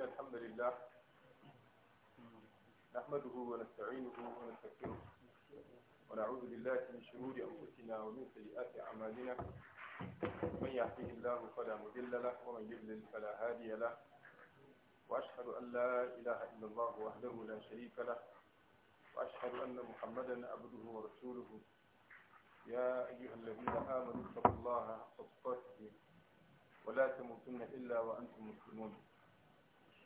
إن الحمد لله نحمده ونستعينه ونستغفره ونعوذ بالله من شرور أنفسنا ومن سيئات أعمالنا من يهده الله فلا مضل له ومن يضلل فلا هادي له وأشهد أن لا إله إلا الله وحده لا شريك له وأشهد أن محمدا عبده ورسوله يا أيها الذين آمنوا اتقوا الله حق تقاته ولا تموتن إلا وأنتم مسلمون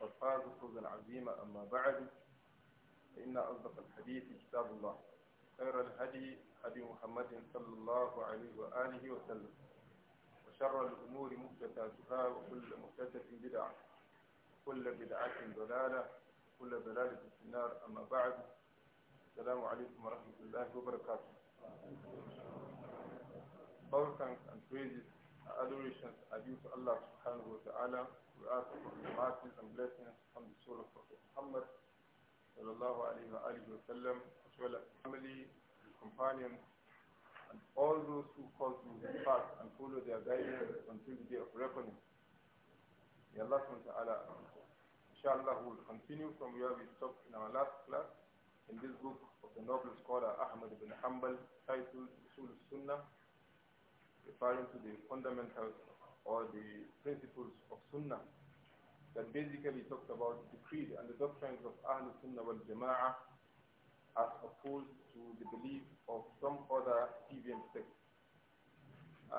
قد فازوا فوزا عظيما أما بعد فإن أصدق الحديث كتاب الله خير الهدي هدي محمد صلى الله عليه وآله وسلم وشر الأمور محدثاتها وكل محدثة بدعة كل بدعة ضلالة كل ضلالة في النار أما بعد السلام عليكم ورحمة الله وبركاته All thanks and praises adorations are due to Allah subhanahu wa ta'ala We ask for the mercies and blessings on the soul of Prophet Muhammad sallallahu alayhi wa alayhi wa sallam, as well as family, companions, and all those who call to the path and follow their guidance until the day of reckoning. May Allah subhanahu inshallah, will continue from where we stopped in our last class in this book of the noble scholar Ahmad ibn Hanbal titled Usul Sunnah, referring to the fundamentals or the principles of Sunnah that basically talked about the creed and the doctrines of Ahlul Sunnah wal Jama'ah as opposed to the belief of some other deviant sect.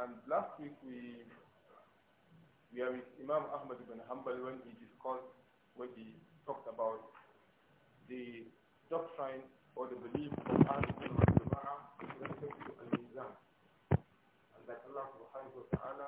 And last week we we are with Imam Ahmad ibn Hanbal when he discussed, when he talked about the doctrine or the belief of Ahlul Sunnah wal Jama'ah in respect to Al-Mizan and that Allah subhanahu wa ta'ala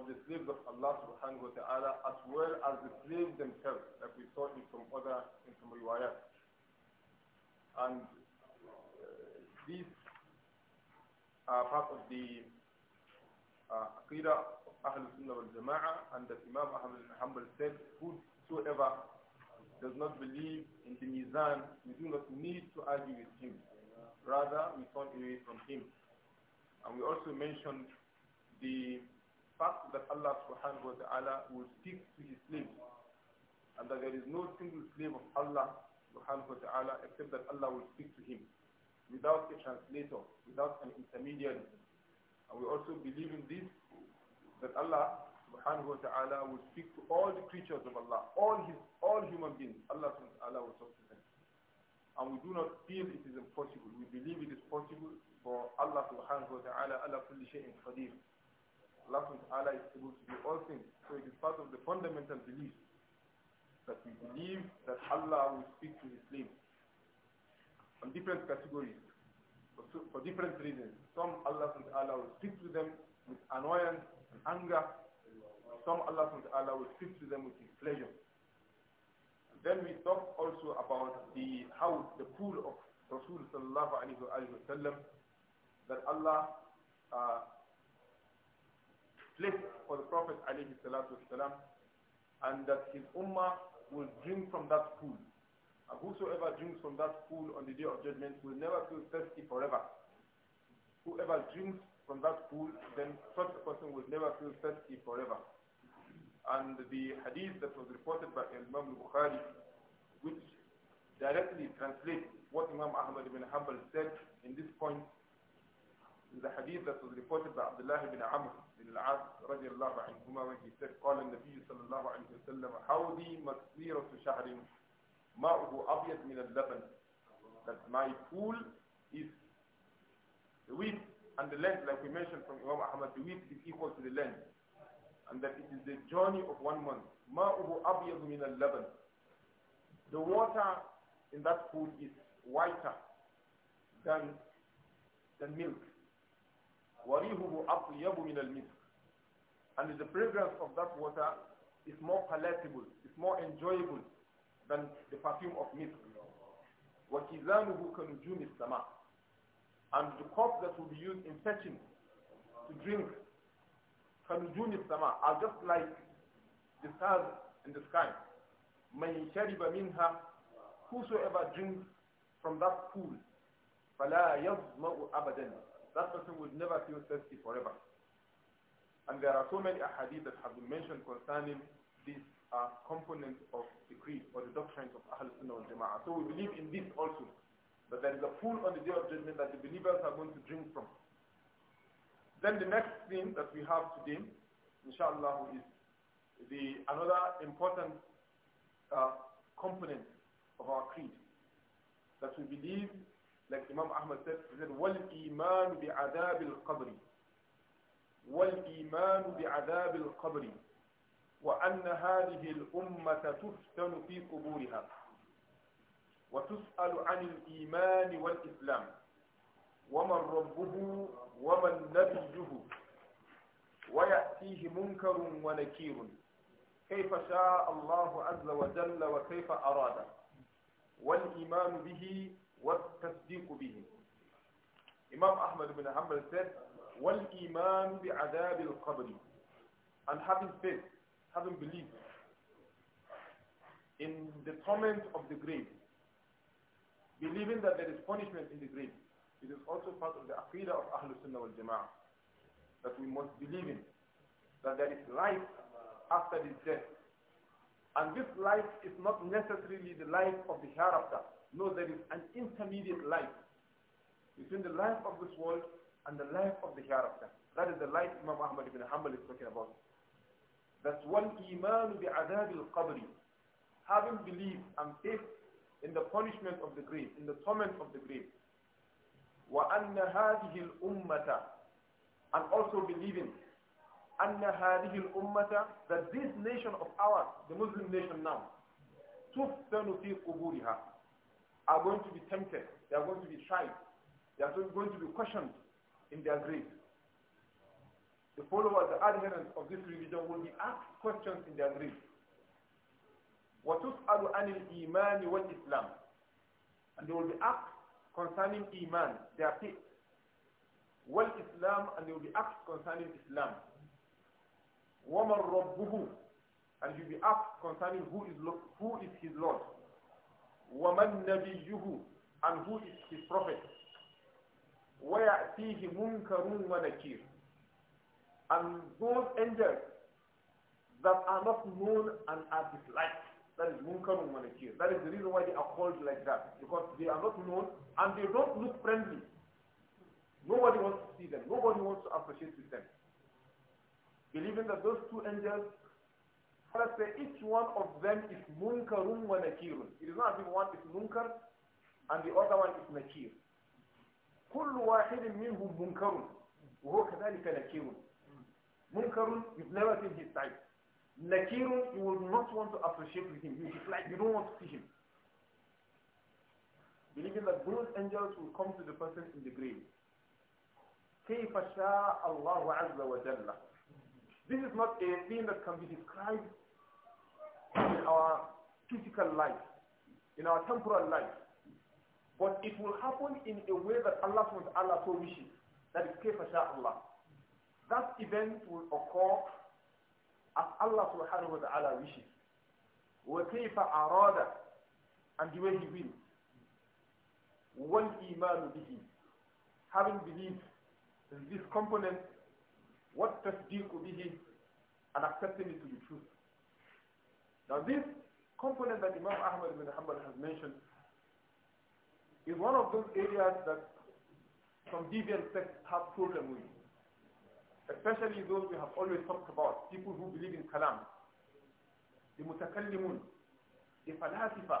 of the slaves of Allah subhanahu wa ta'ala as well as the slaves themselves, like we saw in some other, in some riwayat. And uh, these are part of the uh, aqidah of Ahl Sunnah wal Jama'ah and that Imam Ahmad Hanbal said, whosoever does not believe in the Mizan, we do not need to argue with him. Rather, we turn away from him. And we also mentioned the fact that Allah subhanahu wa ta'ala will speak to his slaves and that there is no single slave of Allah subhanahu wa ta'ala except that Allah will speak to him without a translator, without an intermediary. And we also believe in this, that Allah subhanahu wa ta'ala will speak to all the creatures of Allah, all his all human beings, Allah subhanahu wa ta'ala will talk to them. And we do not feel it is impossible. We believe it is possible for Allah subhanahu wa ta'ala, Allah kulli shay'in qadir. Allah Ta'ala is able to do all things. So it is part of the fundamental belief that we believe that Allah will speak to his slaves on different categories for, for different reasons. Some Allah Ta'ala will speak to them with annoyance and anger. Some Allah Ta'ala will speak to them with his pleasure. And then we talk also about the house, the pool of Rasul Sallallahu Alaihi Wasallam that Allah uh, place for the Prophet alayhi and that his ummah will drink from that pool. And whosoever drinks from that pool on the day of judgment will never feel thirsty forever. Whoever drinks from that pool, then such a person will never feel thirsty forever. And the hadith that was reported by Imam Bukhari, which directly translates what Imam Ahmad ibn Hanbal said in this point, the hadith that was reported by Abdullah ibn Amr bin al-As radiallahu anhuma when he said, قال النبي صلى الله عليه وسلم حوضي مكسيرة شهر ماؤه أبيض من اللبن That my pool is the width and the length, like we mentioned from Imam Ahmad, the width is equal to the length. And that it is the journey of one month. ماؤه أبيض من اللبن The water in that pool is whiter than, than milk. وَرِيهُهُ أَطْيَبُ مِنَ الْمِسْكِ And the fragrance of that water is more palatable, is more enjoyable than the perfume of misk. وَكِزَانُهُ كَنُجُومِ السَّمَاءِ And the cup that will be used in fetching to drink كَنُجُومِ السَّمَاءِ are just like the stars in the sky. مَنْ شَرِبَ مِنْهَا Whosoever drinks from that pool فَلَا يَظْمَأُ أَبَدًا that person would never feel thirsty forever. And there are so many ahadith that have been mentioned concerning these uh, components of the creed or the doctrines of Ahl Sunnah wal Jama'ah. So we believe in this also, that there is a pool on the day of judgment that the believers are going to drink from. Then the next thing that we have today, inshallah, is the another important uh, component of our creed, that we believe لكن إمام أحمد سيد والإيمان بعذاب القبر والإيمان بعذاب القبر وأن هذه الأمة تفتن في قبورها وتسأل عن الإيمان والإسلام ومن ربه ومن نبيه ويأتيه منكر ونكير كيف شاء الله عز وجل وكيف أراد والإيمان به والتصديق به Imam Ahmad ibn Hanbal said وَالْإِيمَانُ بِعَذَابِ الْقَبْرِ and having faith, having belief in the torment of the grave, believing that there is punishment in the grave, it is also part of the aqidah of Ahlul Sunnah wal Jama'ah that we must believe in, that there is life after this death. And this life is not necessarily the life of the hereafter. No, there is an intermediate life between the life of this world and the life of the hereafter. That is the life Imam Ahmad ibn Hanbal is talking about. That's one iman bi'adab al-qabri. Having belief and faith in the punishment of the grave, in the torment of the grave. Wa anna وَأَنَّ هَذِهِ الْأُمَّةَ And also believing anna أَنَّ هَذِهِ الْأُمَّةَ That this nation of ours, the Muslim nation now, تُفْتَنُ فِي قُبُورِهَا are going to be tempted, they are going to be tried, they are going to be questioned in their grief. The followers, the adherents of this religion will be asked questions in their grave. وَتُسْأَلُ عَنِ الْإِيمَانِ وَالْإِسْلَامِ And they will be asked concerning Iman, their faith. Islam? And they will be asked concerning Islam. وَمَنْ رَبُّهُ And you will be asked concerning who is, who is his Lord. wa man and who is his prophet wa ya'tihi munkarun and those angels that are not known and are disliked that is munkarun wa that is the reason why they are called like that because they are not known and they don't look friendly nobody wants to see them nobody wants to associate with them believing that those two angels Let's say each one of them is munkarun wa nakirun. It is not as if one is munkar and the other one is nakir. كل واحد منهم منكر وهو كذلك نكير منكر you've never seen his type nakir you will not want to associate with him you dislike you don't want to see him believing that those angels will come to the person in the grave كيف شاء الله عز وجل This is not a thing that can be described in our physical life, in our temporal life. But it will happen in a way that Allah SWT so wishes. That is kaifa Allah. That event will occur as Allah subhanahu wa ta'ala wishes. وَكَيْفَ أَرَادَ And the way He will. وَالْإِيمَانُ بِهِ Having belief this component, what tasdeeq bihi, and accepting it to be true. Now this component that Imam Ahmad ibn Hanbal has mentioned is one of those areas that some deviant sects have problem with. Especially those we have always talked about, people who believe in kalam, the mutakallimun, the falasifa,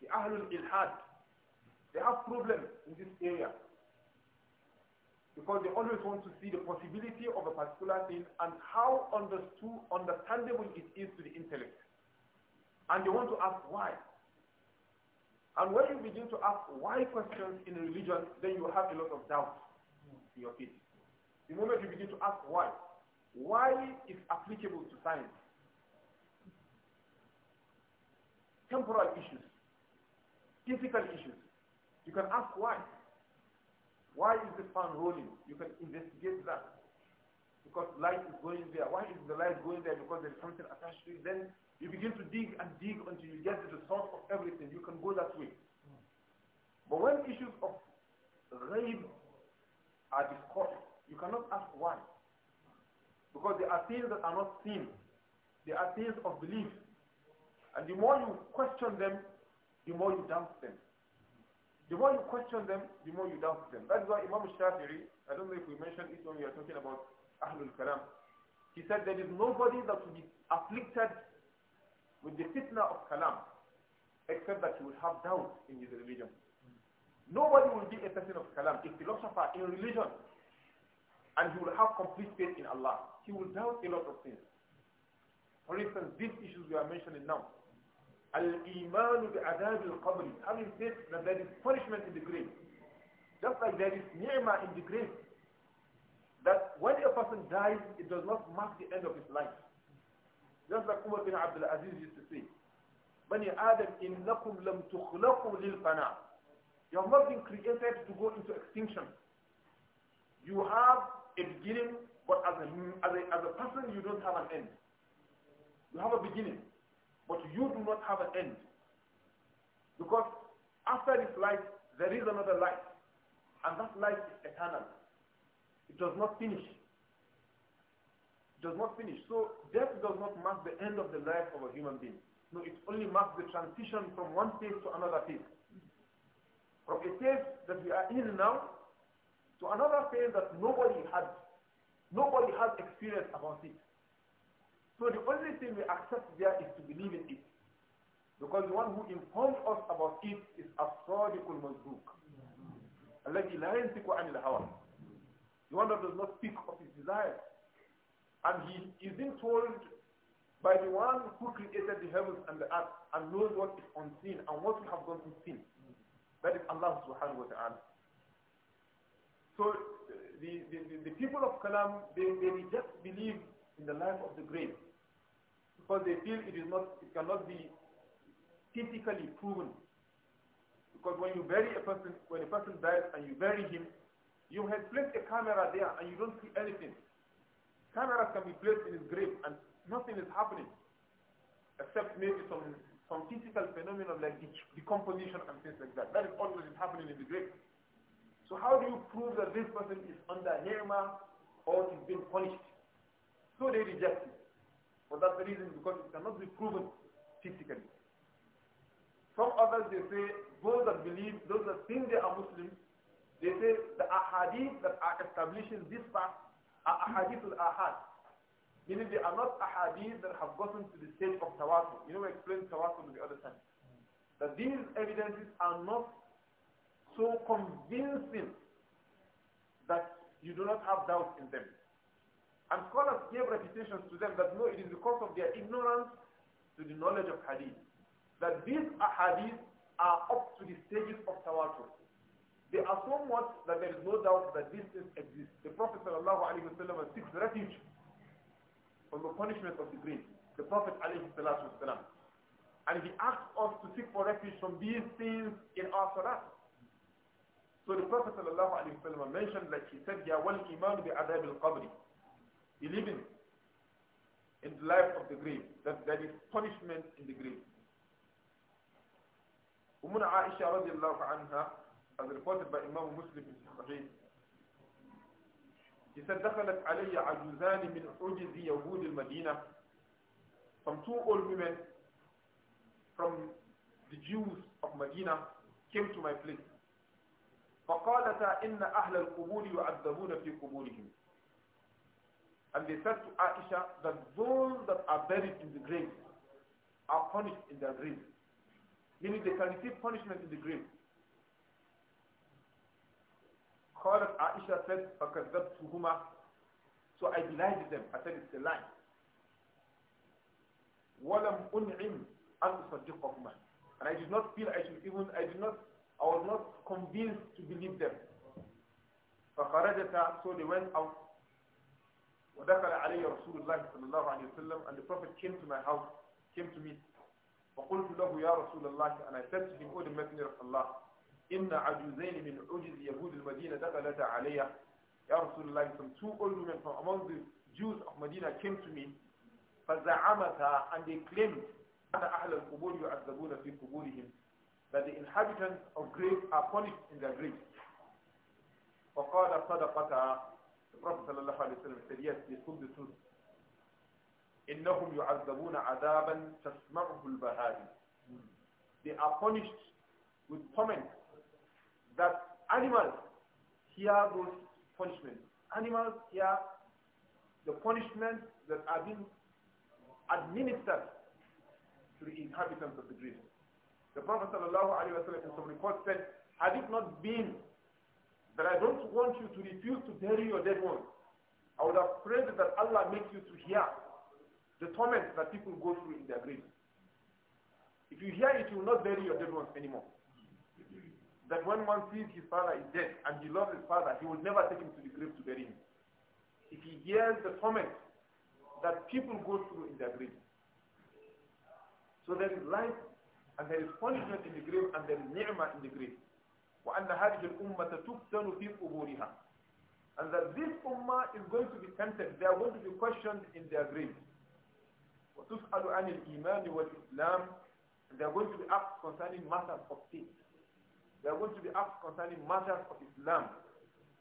the ahlul ilhad. They have problems in this area. Because they always want to see the possibility of a particular thing and how understood, understandable it is to the intellect. And they want to ask why. And when you begin to ask why questions in religion, then you have a lot of doubt in your faith. The moment you begin to ask why, why is applicable to science? Temporal issues, physical issues. You can ask why. Why is the fan rolling? You can investigate that. Because light is going there. Why is the light going there? Because there is something attached to it. Then you begin to dig and dig until you get to the source of everything. You can go that way. Mm. But when issues of rape are discussed, you cannot ask why. Because there are things that are not seen. They are things of belief. And the more you question them, the more you doubt them. The more you question them, the more you doubt them. That's why Imam Shafi'i, I don't know if we mentioned it when we are talking about Ahlul Kalam, he said there is nobody that will be afflicted with the fitna of Kalam except that he will have doubt in his religion. Nobody will be a person of Kalam, a philosopher in religion, and he will have complete faith in Allah. He will doubt a lot of things. For instance, these issues we are mentioning now, Al-Iman of al-qabr. Having said that there is punishment in the grave. Just like there is ni'mah in the grave. That when a person dies, it does not mark the end of his life. Just like Umar bin Abdul Aziz used to say, Bani Adam, innakum lam tukhlaqu lil You have not been created to go into extinction. You have a beginning, but as a, as a, as a person, you don't have an end. You have a beginning. But you do not have an end. Because after this life, there is another life. And that life is eternal. It does not finish. It does not finish. So death does not mark the end of the life of a human being. No, it only marks the transition from one phase to another phase. From a phase that we are in now to another phase that nobody has, nobody has experience about it. So the only thing we accept there is to believe in it. Because the one who informs us about it book. As-Sadiq al-Mazduq. الَّذِي لَا يَنْتِقُ عَنِ الْهَوَىٰ The one that does not speak of his desires. And he isn't told by the one who created the heavens and the earth and knows what is unseen and what we have gone to sin. That is Allah subhanahu wa ta'ala. So the, the, the, people of Kalam, they, they just believe in the life of the grave because they feel it is not, it cannot be physically proven. Because when you bury a person, when a person dies and you bury him, you have placed a camera there and you don't see anything. Cameras can be placed in his grave and nothing is happening, except maybe some some physical phenomenon like decomposition and things like that. That is always happening in the grave. So how do you prove that this person is under Nehemiah or is being punished? So they reject it. For that reason, because it cannot be proven physically. Some others, they say, those that believe, those that think they are Muslims, they say the ahadith that are establishing this fact are ahadith al-ahad. Meaning they are not ahadith that have gotten to the stage of tawasul. You know, we explained tawasul the other time. That these evidences are not so convincing that you do not have doubt in them. And scholars gave reputations to them that no, it is because of their ignorance to the knowledge of hadith. That these hadiths are up to the stages of tawatur. They are so much that there is no doubt that these exists. exist. The Prophet ﷺ seeks refuge from the punishment of the grave. The Prophet ﷺ. And he asks us to seek for refuge from these things in our salat. So the Prophet ﷺ mentioned, like he said, bi adab al الْقَبْرِ Believing in the life of the grave, that there is punishment in the grave. Umun Aisha radiallahu anha, as reported by Imam Muslim in Sahih, he said, دخلت علي عجوزان من عجز يهود المدينة From two old women from the Jews of Medina came to my place. فقالتا إن أهل القبور يعذبون في قبورهم and they said to Aisha that those that are buried in the grave are punished in their grave. Meaning they can receive punishment in the grave. Aisha said, So I denied them. I said it's a lie. ولم أنعم أن أصدقهما And I did not feel I should even, I did not, I was not convinced to believe them. فخرجتا So they went out ودخل علي رسول الله صلى الله عليه وسلم and the Prophet came to my house, came to me. فقلت له يا رسول الله and I said to him, O the Messenger of Allah, إن عجوزين من عجز يهود المدينة دخلت علي. يا رسول الله, some two old women from among the Jews of Medina came to me. فزعمت and they claimed أن أهل القبور يعذبون في قبورهم that the inhabitants of graves are punished in their graves. فقال صدقتها The Prophet ﷺ said, yes, they told the truth. إِنَّهُمْ يُعَذَّبُونَ عَذَابًا تَسْمَعُهُ They are punished with torment that animals hear those punishments. Animals hear the punishments that are being administered to the inhabitants of the grave. The Prophet ﷺ in some reports said, had it not been but I don't want you to refuse to bury your dead ones. I would have prayed that Allah makes you to hear the torment that people go through in their grave. If you hear it, you will not bury your dead ones anymore. That when one sees his father is dead and he loves his father, he will never take him to the grave to bury him. If he hears the torment that people go through in their grave, So there is life and there is punishment in the grave and there is ni'mah in the grave. وأن هذه الأمة تفتن في قبورها and that this ummah is going to be tempted, they are going to be questioned in their graves. وَتُسْأَلُ عَنِ الْإِيمَانِ وَالْإِسْلَامِ and they are going to be asked concerning matters of faith. They are going to be asked concerning matters of Islam.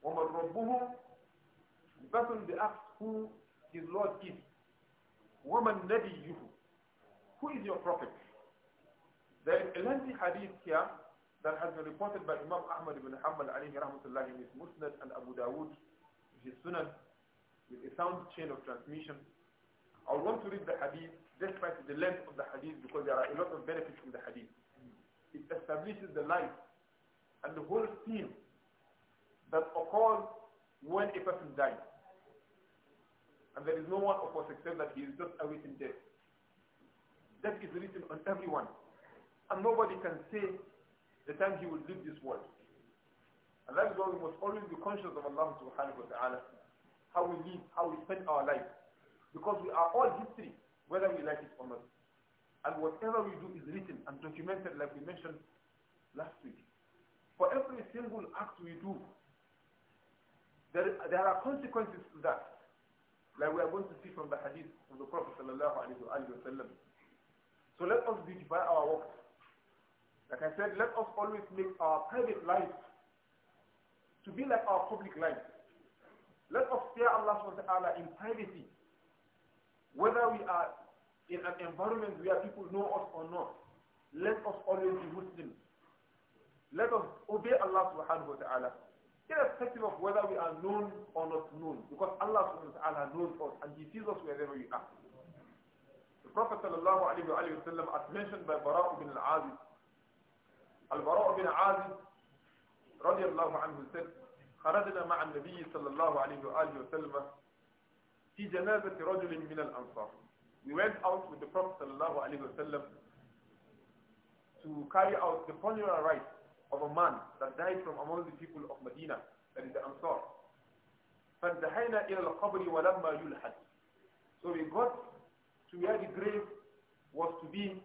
وَمَنْ رَبُّهُ The person will be asked who his Lord is. وَمَنْ نَبِيُّهُ Who is your prophet? There is a lengthy hadith here that has been reported by Imam Ahmad ibn Hanbal alayhi rahmatullah in his Musnad and Abu Dawood, his Sunan, with a sound chain of transmission. I want to read the hadith despite the length of the hadith because there are a lot of benefits from the hadith. It establishes the life and the whole theme that occurs when a person dies. And there is no one of us except that he is just awaiting death. Death is written on everyone. And nobody can say the time he will leave this world. And that is why we must always be conscious of Allah subhanahu wa ta'ala, how we live, how we spend our life. Because we are all history, whether we like it or not. And whatever we do is written and documented like we mentioned last week. For every single act we do, there, there are consequences to that. Like we are going to see from the hadith of the Prophet sallallahu alayhi wa So let us beautify our works like I said, let us always make our private life to be like our public life. Let us fear Allah Taala in privacy, whether we are in an environment where people know us or not. Let us always be Muslims. Let us obey Allah subhanahu wa ta'ala, irrespective of whether we are known or not known, because Allah subhanahu wa ta'ala knows us and He sees us wherever we are. The Prophet sallallahu alayhi wa sallam, as mentioned by Bara'u bin al-Aziz, البراء بن عازب رضي الله عنه سر خرجنا مع النبي صلى الله عليه وآله وسلم في جنازة رجل من الأنصار We went out with the Prophet صلى الله عليه وسلم to carry out the funeral rites of a man that died from among the people of Medina, that is the Ansar. فانتهينا إلى القبر ولما يلحد So we got to where the grave was to be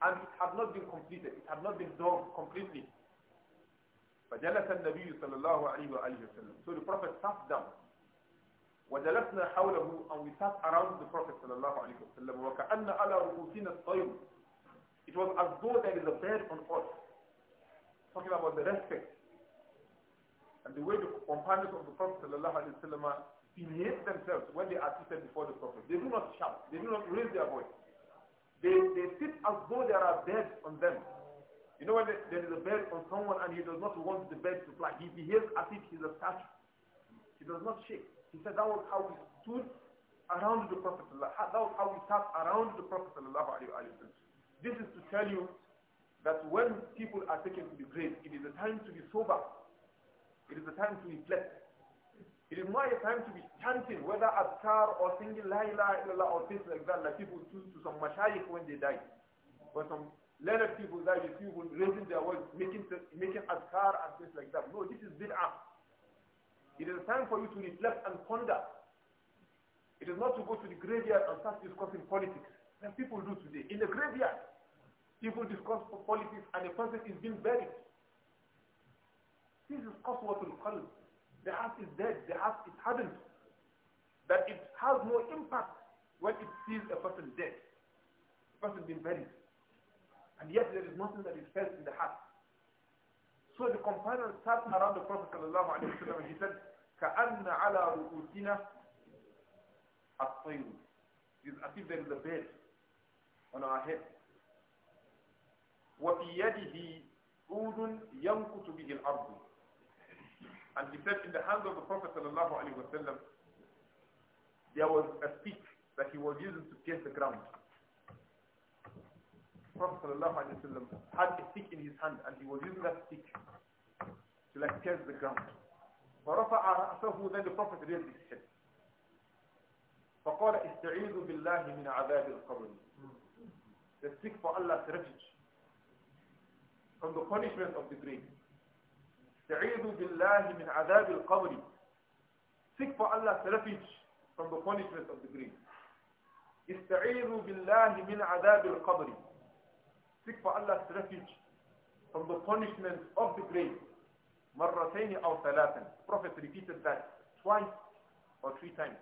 and it had not been completed. It had not been done completely. فجلس النبي صلى الله عليه وآله وسلم. So the Prophet sat down. وجلسنا حوله and we sat around the Prophet صلى الله عليه وسلم وكأن على رؤوسنا الطير. It was as though there is a bird on earth. Talking about the respect and the way the companions of the Prophet صلى الله عليه وسلم behave themselves when they are seated before the Prophet. They do not shout. They do not raise their voice. They, they sit as though there are beds on them. You know when there is a bed on someone and he does not want the bed to fly, he behaves as if he's a statue. He does not shake. He said that was how he stood around the Prophet. That was how he sat around the Prophet. This is to tell you that when people are taken to the grave, it is a time to be sober. It is a time to reflect. It is not a time to be chanting, whether adkar or singing la ilaha illallah or things like that, like people do to some mashayikh when they die. Or some learned people die, you see people raising their voice, making, making adkar and things like that. No, this is bid'ah. It is a time for you to reflect and ponder. It is not to go to the graveyard and start discussing politics. like people do today. In the graveyard, people discuss politics and the person is being buried. This is qaswatul qalb. The heart is dead. The heart is hardened. That it has no impact when it sees a person dead, a person being buried. And yet there is nothing that is felt in the heart. So the companion sat around the Prophet sallallahu and he said, كَأَنَّ عَلَى رُؤُوتِنَا الطَّيْرُ It's as if there is a bed on our head. وَفِي يَدِهِ عُودٌ يَنْكُتُ بِهِ الْأَرْضُ and he said in the hands of the Prophet wasallam, there was a stick that he was using to pierce the ground. The Prophet wasallam had a stick in his hand and he was using that stick to like pierce the ground. then the Prophet raised his head. فقال استعيذوا بالله من عذاب القبر. The stick for Allah's refuge from the punishment of the grave. استعيذوا بالله من عذاب القبر qabri Seek for Allah's refuge from the punishment of the grave. استعيذوا بالله من عذاب القبر qabri Seek for Allah's refuge from the punishment of the grave. مرتين أو ثلاثا. Prophet repeated that twice or three times.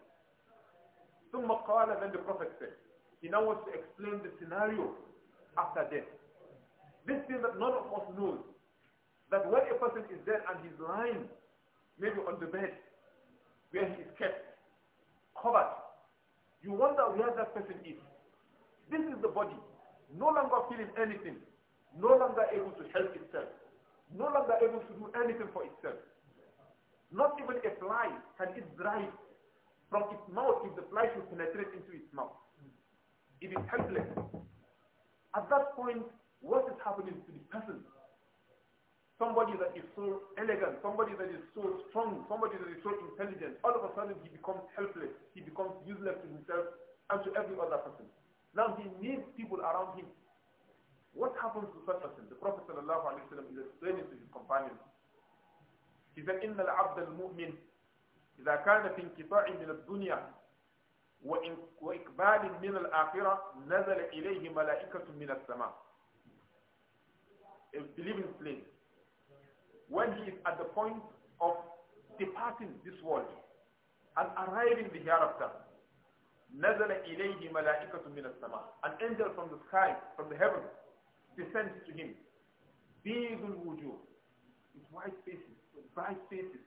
ثم قال then the Prophet said, he now wants to explain the scenario after death. This thing that none of us knows, That when a person is dead and he's lying, maybe on the bed, where he is kept, covered, you wonder where that person is. This is the body, no longer feeling anything, no longer able to help itself, no longer able to do anything for itself. Not even a fly can it drive from its mouth if the fly should penetrate into its mouth. It is helpless. At that point, what is happening to the person? somebody that is so elegant, somebody that is so strong, somebody that is so intelligent, all of a sudden he becomes helpless, he becomes useless to himself and to every other person. Now he needs people around him. What happens to such a person? The Prophet ﷺ is explaining to his companions. He said, إِنَّ الْعَبْدَ الْمُؤْمِنِ إِذَا كَانَ فِي انْقِطَاعٍ مِنَ الدُّنْيَا وَإِقْبَالٍ مِنَ الْآخِرَةِ نَزَلَ إِلَيْهِ مَلَائِكَةٌ مِنَ السَّمَاءِ A believing slave when he is at the point of departing this world and arriving the hereafter. نزل إليه ملائكة من السماء. An angel from the sky, from the heaven, descends to him. بيض الوجوه. With white faces, with bright faces.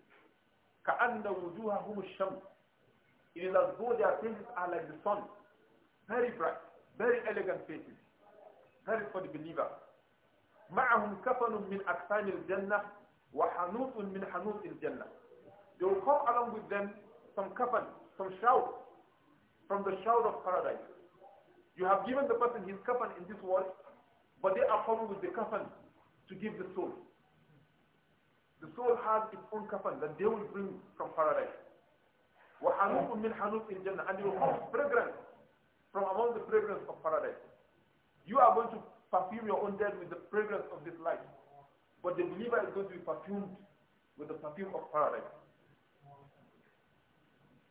كأن وجوههم الشمس. It is as though their faces are like the sun. Very bright, very elegant faces. That is for the believer. معهم كفن من أكفان الجنة وَحَنُوتٌ مِنْ حَنُوتِ الْجَنَّةِ They will come along with them some kafan, some shroud, from the shroud of paradise. You have given the person his kafan in this world, but they are coming with the kafan to give the soul. The soul has its own kafan that they will bring from paradise. وَحَنُوتٌ مِنْ حَنُوتِ الْجَنَّةِ And they will come fragrant from among the fragrance of paradise. You are going to perfume your own dead with the fragrance of this life. But the believer is going to be perfumed with the perfume of paradise.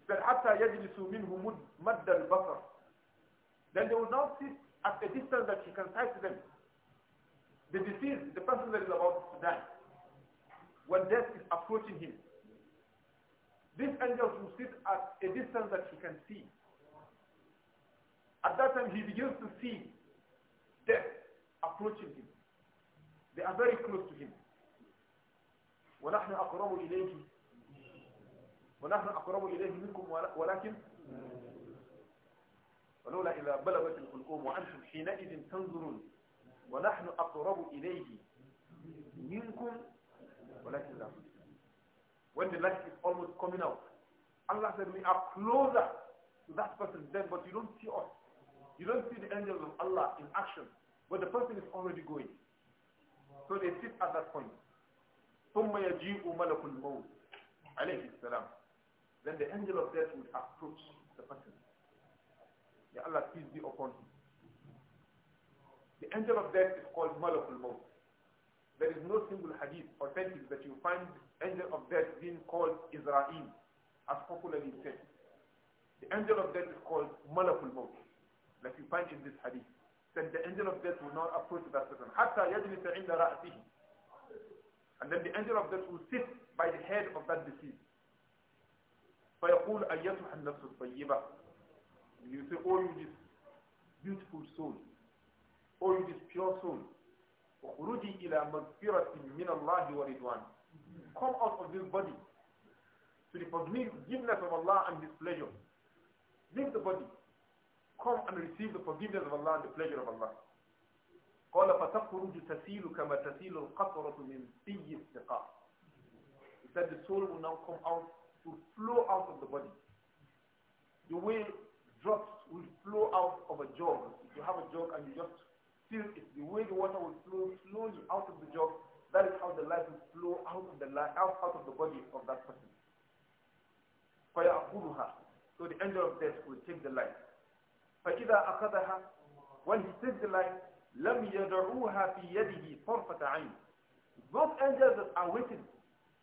That حتى يجلس منه مد البصر. Then they will now sit at a distance that he can sight them. The deceased, the person that is about to die, when death is approaching him, these angels will sit at a distance that he can see. At that time, he begins to see death approaching him. They are very close to him. ونحن أقرب إليه ونحن أقرب إليه منكم ولكن ولولا إذا بلغت الحلقوم وأنتم حينئذ تنظرون ونحن أقرب إليه منكم ولكن لا When the light is almost coming out, Allah said, we are closer to that person then, but you don't see us. You don't see the angels of Allah in action, but the person is already going. So they sit at that point. ثم يجيء ملك الموت عليه السلام. Then the angel of death would approach the person. Ya Allah peace be upon him. The angel of death is called Malakul الموت. There is no single hadith authentic that you find angel of death being called Israel, as popularly said. The angel of death is called Malakul الموت. like you find in this hadith then the angel of death will not approach that person. And then the angel of death will sit by the head of that deceased. فَيَقُولُ أَيَّتُهَا النَّفْسُ الطَّيِّبَةِ And you say, oh you this beautiful soul, oh you this pure soul, وَخُرُجِي إِلَى مَغْفِرَةٍ مِّنَ اللَّهِ وَرِضْوَانِ Come out of this body to the forgiveness of Allah and His pleasure. Leave the body come and receive the forgiveness of Allah and the pleasure of Allah. قال تسيل كما تسيل القطرة من سي He said the soul will now come out, will flow out of the body. The way drops will flow out of a jug. If you have a jug and you just fill it, the way the water will flow slowly out of the jug, that is how the life will flow out of the life, out, out of the body of that person. فيأخذها. So the angel of death will take the life. فإذا أخذها when he saved the life لم يدعوها في يده طرفة عين those angels that are waiting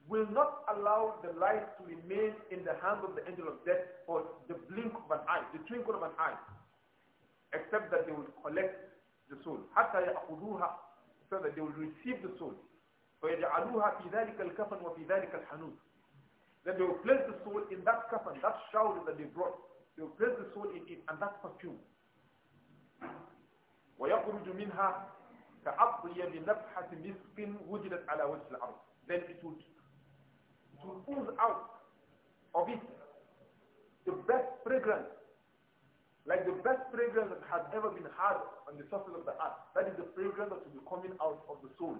will not allow the light to remain in the hand of the angel of death or the blink of an eye, the twinkle of an eye, except that they will collect the soul. حتى يأخذوها so that they will receive the soul. ويجعلوها في ذلك الكفن وفي ذلك الحنوت. Then they will place the soul in that coffin, that shroud that they brought. You place the soul in it, and that's perfume. ويخرج منها كأطيب نفحة مسك وجدت على وجه الأرض. Then it would, it would ooze out of it the best fragrance, like the best fragrance that has ever been had on the surface of the earth. That is the fragrance that will be coming out of the soul.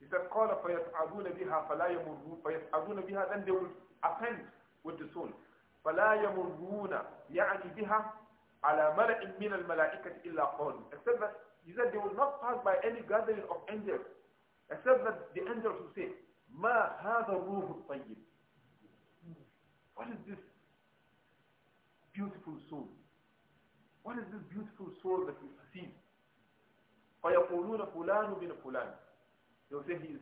He said, قال فيسعدون بها فلا يمرون فيسعدون بها then they will attend." والدسون فلا يمرون يعني بها على ملأ من الملائكة إلا قوم except that he said they will not pass by any gathering of angels except that the angels will say ما هذا الروح الطيب what is this beautiful soul what is this beautiful soul that you see فيقولون فلان من فلان they will say he is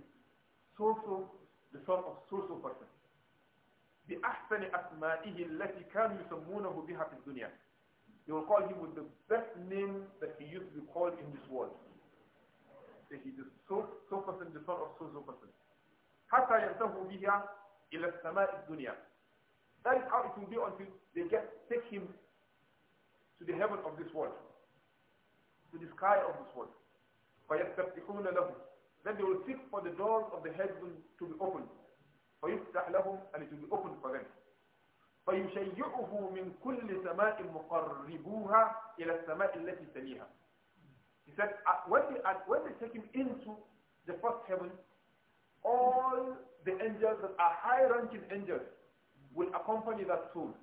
so so the son of so so person بأحسن أسمائه التي كانوا يسمونه بها في الدنيا. They will call him with the best name that he used to be called in this world. So he is so, so person, the son of so, so person. حتى ينتهوا بها إلى السماء الدنيا. That is how it will be until they get take him to the heaven of this world, to the sky of this world. فيستفتحون له. Then they will seek for the doors of the heaven to be opened. فيفتح لهم الجزء الفغن فيشيعه من كل سماء مقربوها إلى السماء التي تليها He said, when they, when they take him into the first heaven, all the angels that are high-ranking angels will accompany that soul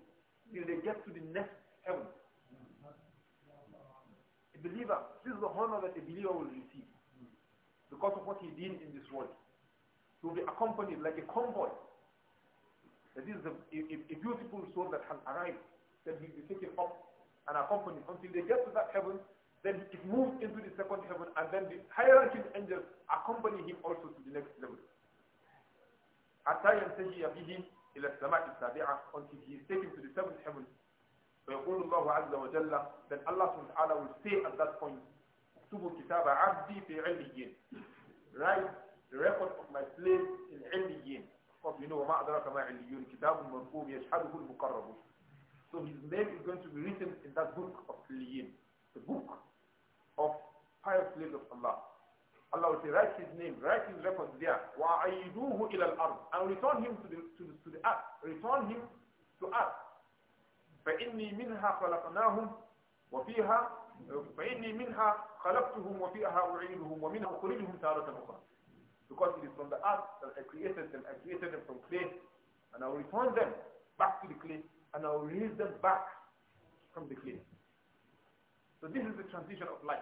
till they get to the next heaven. A believer, this is the honor that a believer will receive because of what he did in this world. to will be accompanied like a convoy. That is a, a, a beautiful soul that has arrived, that he will be taken up and accompanied until they get to that heaven. Then it moves into the second heaven, and then the hierarchy angels accompany him also to the next level. إلى السماء السابعة until he is taken to the seventh heaven ويقول الله عز وجل then Allah subhanahu wa ta'ala will say at that point اكتبوا كتاب عبدي في عليين write the record of my slaves in Illiyin. Of course, you know, وَمَا أَدْرَكَ مَا عِلِّيُّونَ كِتَابٌ مَرْقُومٌ يَشْهَدُهُ الْمُقَرَّبُونَ So his name is going to be written in that book of Illiyin, the book of pious slaves of Allah. Allah will say, write his name, write his record there. وَأَيُّدُوهُ إِلَى الْأَرْضِ And return him to the, to the, to the earth. Return him to earth. فَإِنِّي مِنْهَا خَلَقْنَاهُمْ وَفِيهَا فإني منها خلقتهم وفيها أعيدهم ومنها أخرجهم تارة أخرى because it is from the earth that I created them. I created them from clay. And I will return them back to the clay. And I will raise them back from the clay. So this is the transition of life.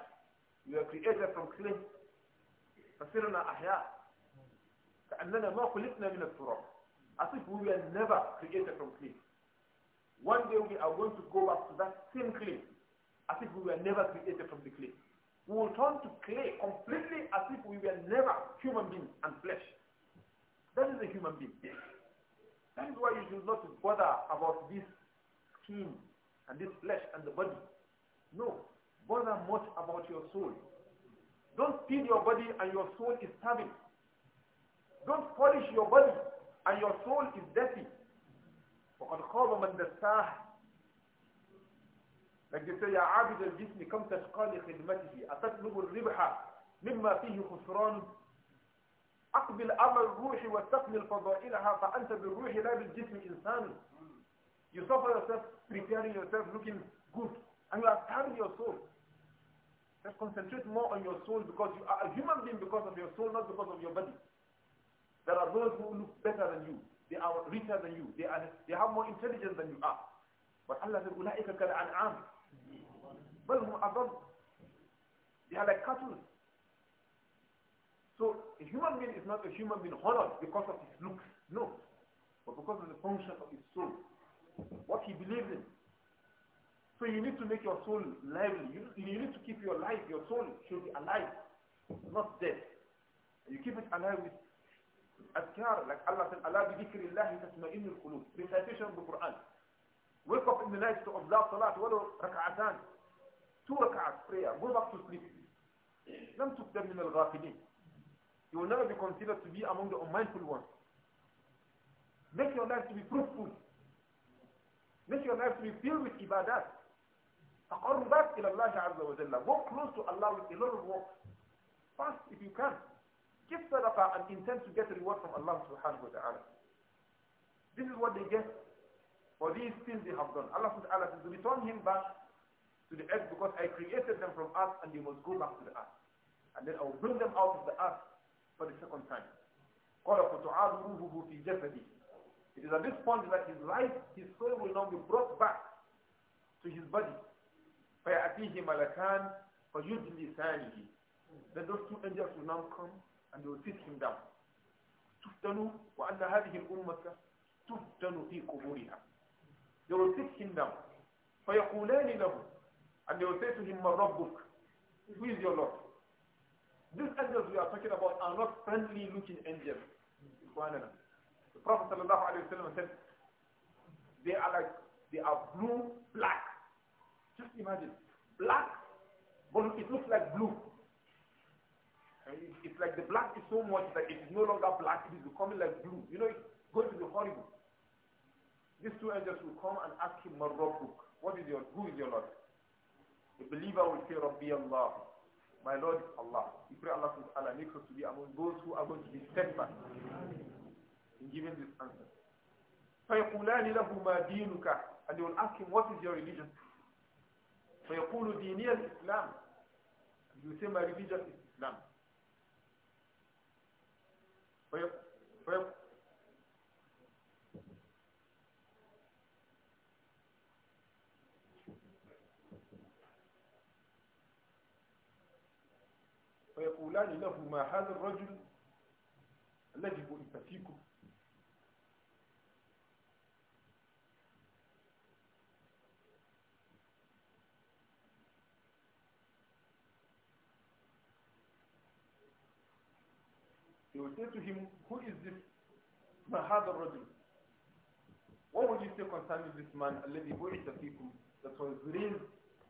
We are created from clay. I أحياء كأننا ما خلقنا من التراب as if we were never created from clay. One day we are going to go back to that same clay, as if we were never created from the clay we will turn to clay completely as if we were never human beings and flesh. That is a human being. That is why you should not bother about this skin and this flesh and the body. No, bother much about your soul. Don't feed your body and your soul is starving. Don't polish your body and your soul is dirty. لكن يا عابد الجسم كم تشقى لخدمته أتطلب الربح مما فيه خسران أقبل أمر الروح واستقبل فضائلها فأنت بالروح لا بالجسم إنسان You suffer yourself, preparing yourself, looking good, and you are starving your soul. Just concentrate more on your soul because you are a human being because of your soul, not because of your body. There are those who look better than you. They are richer than you. They, are, they have more intelligence than you are. But Allah says, أُولَٰئِكَ كَالْأَنْعَامِ بل هم أضل They are like cattle. So a human being is not a human being honored because of his looks, no, but because of the function of his soul, what he believes in. So you need to make your soul lively. You, you need to keep your life, your soul should be alive, not dead. You keep it alive with adhkar, like Allah said, Allah bi dhikrillahi tatma'innul qulub. Recitation of the Quran. Wake up in the night to observe salat, walau rak'atan. Two rak'ahs prayer, go back to sleep. لم تكتب من الغافلين. You will never be considered to be among the unmindful ones. Make your life to be fruitful. Make your life to be filled with ibadat. تقربات Allah, الله wa وجل. Walk close to Allah with a lot of work. Fast if you can. Give sadaqah and intend to get reward from Allah subhanahu wa ta'ala. This is what they get for these things they have done. Allah subhanahu wa ta'ala says, return him back to the earth because I created them from earth and they must go back to the earth. And then I will bring them out of the earth for the second time. It is at this point that his life, his soul will now be brought back to his body. فَيَأْتِيهِ مَلَكَانِ فَيُدْلِسَانِهِ Then those two angels will now come and they will sit him down. They will sit him down. And they will say to him, Rabbuk, who is your Lord? These angels we are talking about are not friendly looking angels. The Prophet said, they are like, they are blue, black. Just imagine, black, but it looks like blue. it's like the black is so much that it is no longer black, it is becoming like blue. You know, it's going to be horrible. These two angels will come and ask him, Marrobuk, what is your, who is your Lord? The believer will say, Rabbi Allah. My Lord is Allah. We pray Allah to Allah makes us to be among those who are going to be steadfast in giving this answer. فيقولان له ما دينك and they will ask him what is your religion فيقول ديني الإسلام and he will say my religion is Islam فلان له ما هذا الرجل الذي بؤس فيكم You will say to him, who is this Mahad al-Rajul? What would you say concerning this man, الذي بعث فيكم, that was raised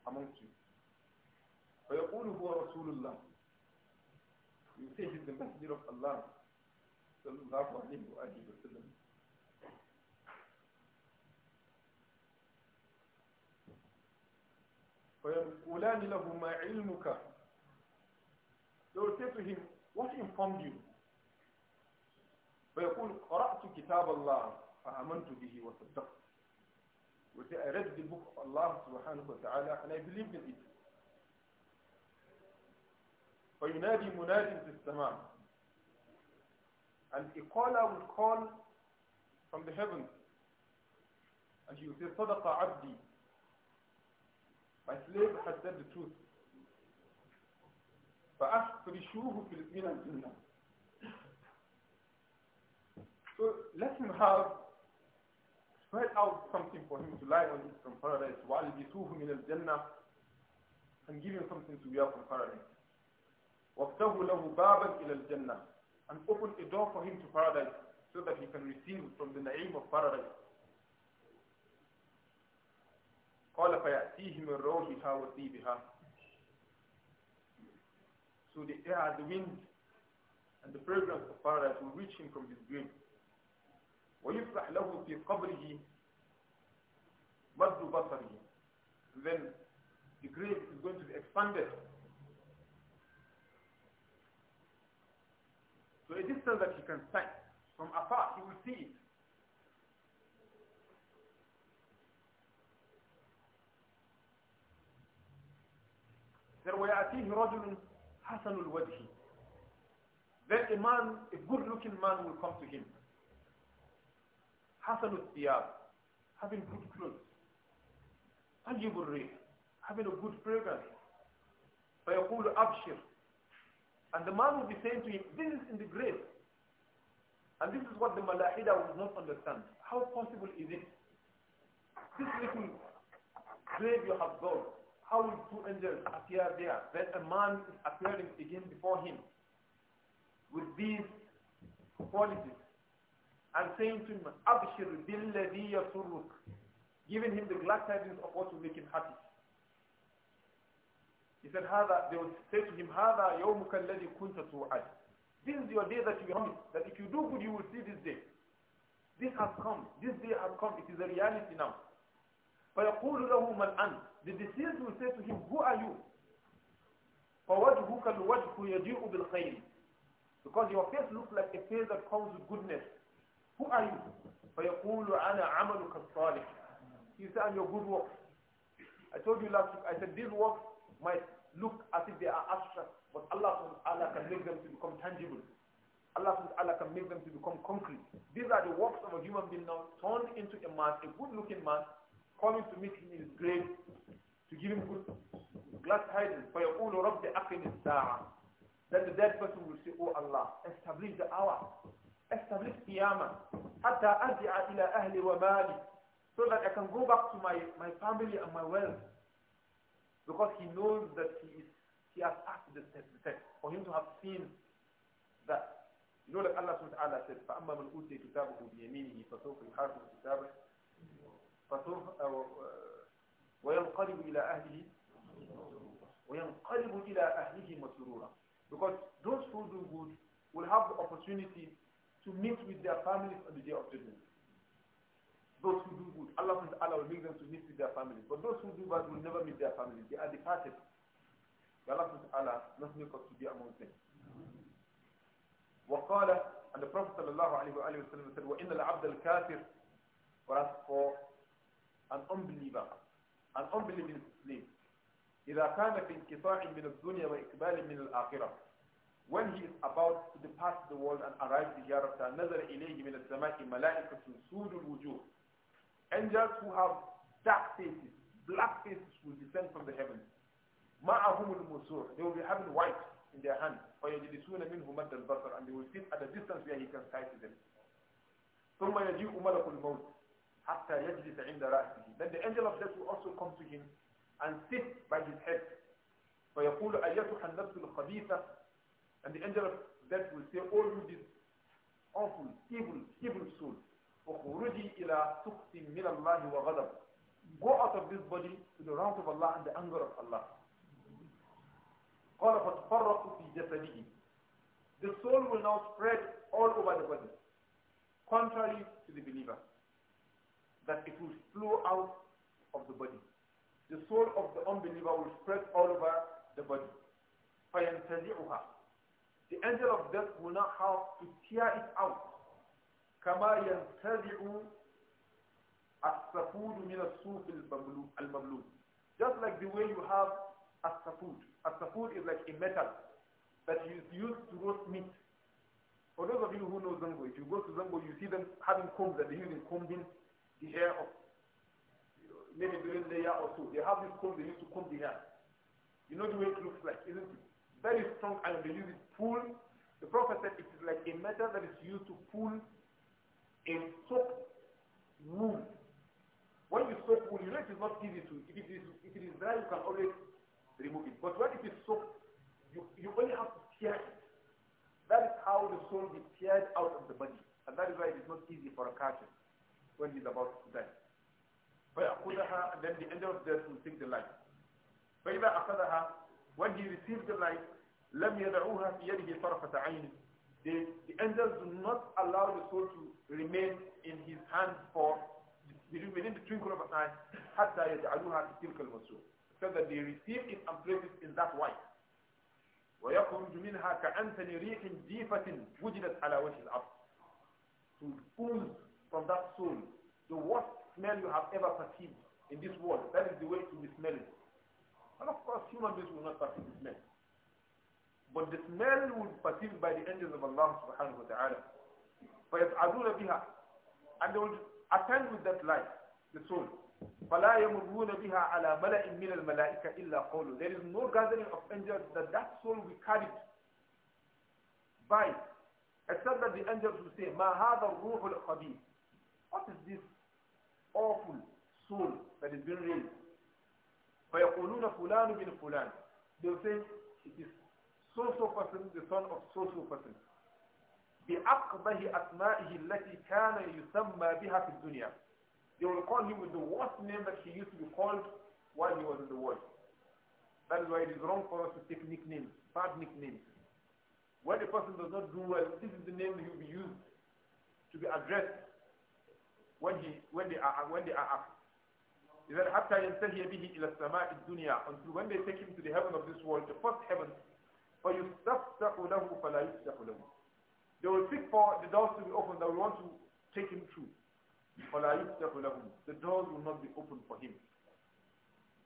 amongst you? فيقول هو رسول الله You say he's the messenger of Allah. Sallallahu alayhi wa sallam. فيقولان له ما علمك They will say to him, what informed you? فيقول قرأت كتاب الله فآمنت به وصدقت. Will say, I read the book of Allah subhanahu wa ta'ala and I believed in it. فينادي مناد في السماء and a caller will call from the heavens and he will say صدق عبدي my slave has said the truth فأفرشوه في من الجنة So let him have spread out something for him to lie on from paradise. While وَعَلْبِسُوهُ مِنَ الْجَنَّةِ And give him something to wear from paradise. وابتغوا لَهُ بَابًا إِلَى الْجَنَّةِ And open a door for him to paradise so that he can receive from the na'im of paradise. قال فيأتيه من روحها وطيبها So the air, the wind, and the fragrance of paradise will reach him from his grave. ويفرح له في قبره مد بصره. Then the grave is going to be expanded So a distance that he can sight from afar, he will see it. Then وَيَأْتِيهِ رَجُلٌ حَسَنُ الْوَجْهِ Then a man, a good-looking man will come to him. حَسَنُ الثِّيَابِ Having good clothes. طَيِّبُ الرِّيحِ Having a good fragrance. فَيَقُولُ أَبْشِرُ and the man will be saying to him, this is in the grave. And this is what the Malahida will not understand. How possible is it? This little grave you have gone. how will two angels appear there? That a man is appearing again before him with these qualities and saying to him, Abshir billadhi yasurruk, giving him the glad tidings of what will make him happy. He said, Hada, they would say to him, Hada yawmuka alladhi kunta tu'ad. This is your day that you promised, that if you do good, you will see this day. This has come. This day has come. It is a reality now. فَيَقُولُ لَهُ مَنْ أَنْتَ The deceased will say to him, Who are you? فَوَجْهُكَ الْوَجْهُ يَجِيءُ بِالْخَيْرِ Because your face looks like a face that comes with goodness. Who are you? فَيَقُولُ أَنَا عَمَلُكَ الصَّالِحِ He said, I'm your good work. I told you last week, I said, these works might look as if they are abstract, but Allah subhanahu can make them to become tangible. Allah subhanahu can make them to become concrete. These are the works of a human being now turned into a man, a good looking man, coming to meet him in his grave to give him good glad tidings. فَيَقُولُ the أَقِمِ السَّاعَةِ Then the dead person will say, Oh Allah, establish the hour. Establish Qiyamah. حَتَّى أَرْجِعَ إِلَىٰ أَهْلِ وَمَالِ So that I can go back to my, my family and my wealth. Because he knows that he, is, he has asked the test, the test for him to have seen that. You know that Allah subhanahu wa ta'ala said, فَأَمَّا مَنْ أُوتِيَ كِتَابَهُ بِيَمِينِهِ فَسَوْفَ يُحَاسَبُ كِتَابَهُ فسوف وينقلب إلى أهله وينقلب إلى أهله مسرورا because those who do good will have the opportunity to meet with their families on the day of judgment those who do good, Allah will make them to meet with their families. But those who do bad will never meet their families. They are departed. Allah subhanahu not make us to be among them. وقال and the Prophet sallallahu alaihi wasallam said, وَإِنَّ الْعَبْدَ الْكَافِرِ Whereas for an unbeliever, an unbelieving slave, إِذَا كَانَ فِي انْكِفَاعٍ مِنَ الدُّنْيَا وَإِقْبَالٍ مِنَ الْآخِرَةِ When he is about to depart the world and arrive the hereafter, نَظَرَ إِلَيْهِ مِنَ السَّمَاءِ مَلَائِكَةٌ سُودُ الْوُجُوهِ Angels who have dark faces, black faces will descend from the heavens. معهم musur. They will be having white in their hands. and they will sit at a distance where he can sight them. ثم يجيء ملك الموت حتى يجلس عند رأسه. Then the angel of death will also come to him and sit by his head. فيقول أيتها النفس الخبيثة and the angel of death will say, "Oh, you this awful, evil, evil soul." وخروجي إلى سخط من الله وغضب go out of this body to the wrath of Allah and the anger of Allah قال فتفرق في جسده the soul will now spread all over the body contrary to the believer that it will flow out of the body the soul of the unbeliever will spread all over the body فينتزعها the angel of death will not have to tear it out كما ينتزع السفود من المبلول just like the way you have a السفود is like a metal that is used to roast meat for those of you who know zambo if you go to zambo you see them having combs that they use in combing the hair of maybe during the year or so they have this comb they use to comb the hair you know the way it looks like isn't it very strong and they use it pull the prophet said it is like a metal that is used to pull a soaked wool. When you soak wool, you know it is not easy to, if it is, if it is dry, you can always remove it. But when it is soaked, you, you only have to tear it. That is how the soul is teared out of the body. And that is why it is not easy for a person when he is about to die. فَيَأْخُذَهَا And then the angel of death will take the life. فَإِذَا أَخَذَهَا When he receives the life, لَمْ يَدَعُوهَا فِي يَدِهِ طَرَفَةَ عَيْنٍ they, the angels do not allow the soul to remain in his hands for within the twinkle of an eye حتى يجعلوها في تلك المسوق so that they receive it and place it in that way ويخرج منها كأنثن ريح جيفة وجدت على وجه الأرض to ooze from that soul the worst smell you have ever perceived in this world that is the way to be smelling and of course human beings will not perceive the smell but the smell would perceive perceived by the angels of Allah subhanahu wa ta'ala. فَيَسْعَدُونَ بِهَا And they would attend with that light, the soul. فَلَا يَمُرُّونَ بِهَا عَلَى مَلَئٍ مِّنَ الْمَلَائِكَ إِلَّا قَوْلُ There is no gathering of angels that that soul will carry by, except that the angels will say, مَا هَذَا الرُّوحُ الْخَبِيثِ What is this awful soul that is being raised? فَيَقُولُونَ فُلَانُ بِنْ فُلَانُ They will say, it is Social person, the son of so-so person. بأقبه أسمائه التي كان يسمى بها في الدنيا. They will call him with the worst name that he used to be called while he was in the world. That is why it is wrong for us to take nicknames, bad nicknames. When a person does not do well, this is the name he will be used to be addressed when he when they are when they are asked. He said, حتى ينتهي به إلى السماء الدنيا until when they take him to the heaven of this world, the first heaven فَيُسْتَفْتَحُ لَهُ فَلَا يُسْتَحُ لَهُ They will seek for the doors to be opened that we want to take him through. فَلَا يُسْتَحُ لَهُ The doors will not be open for him.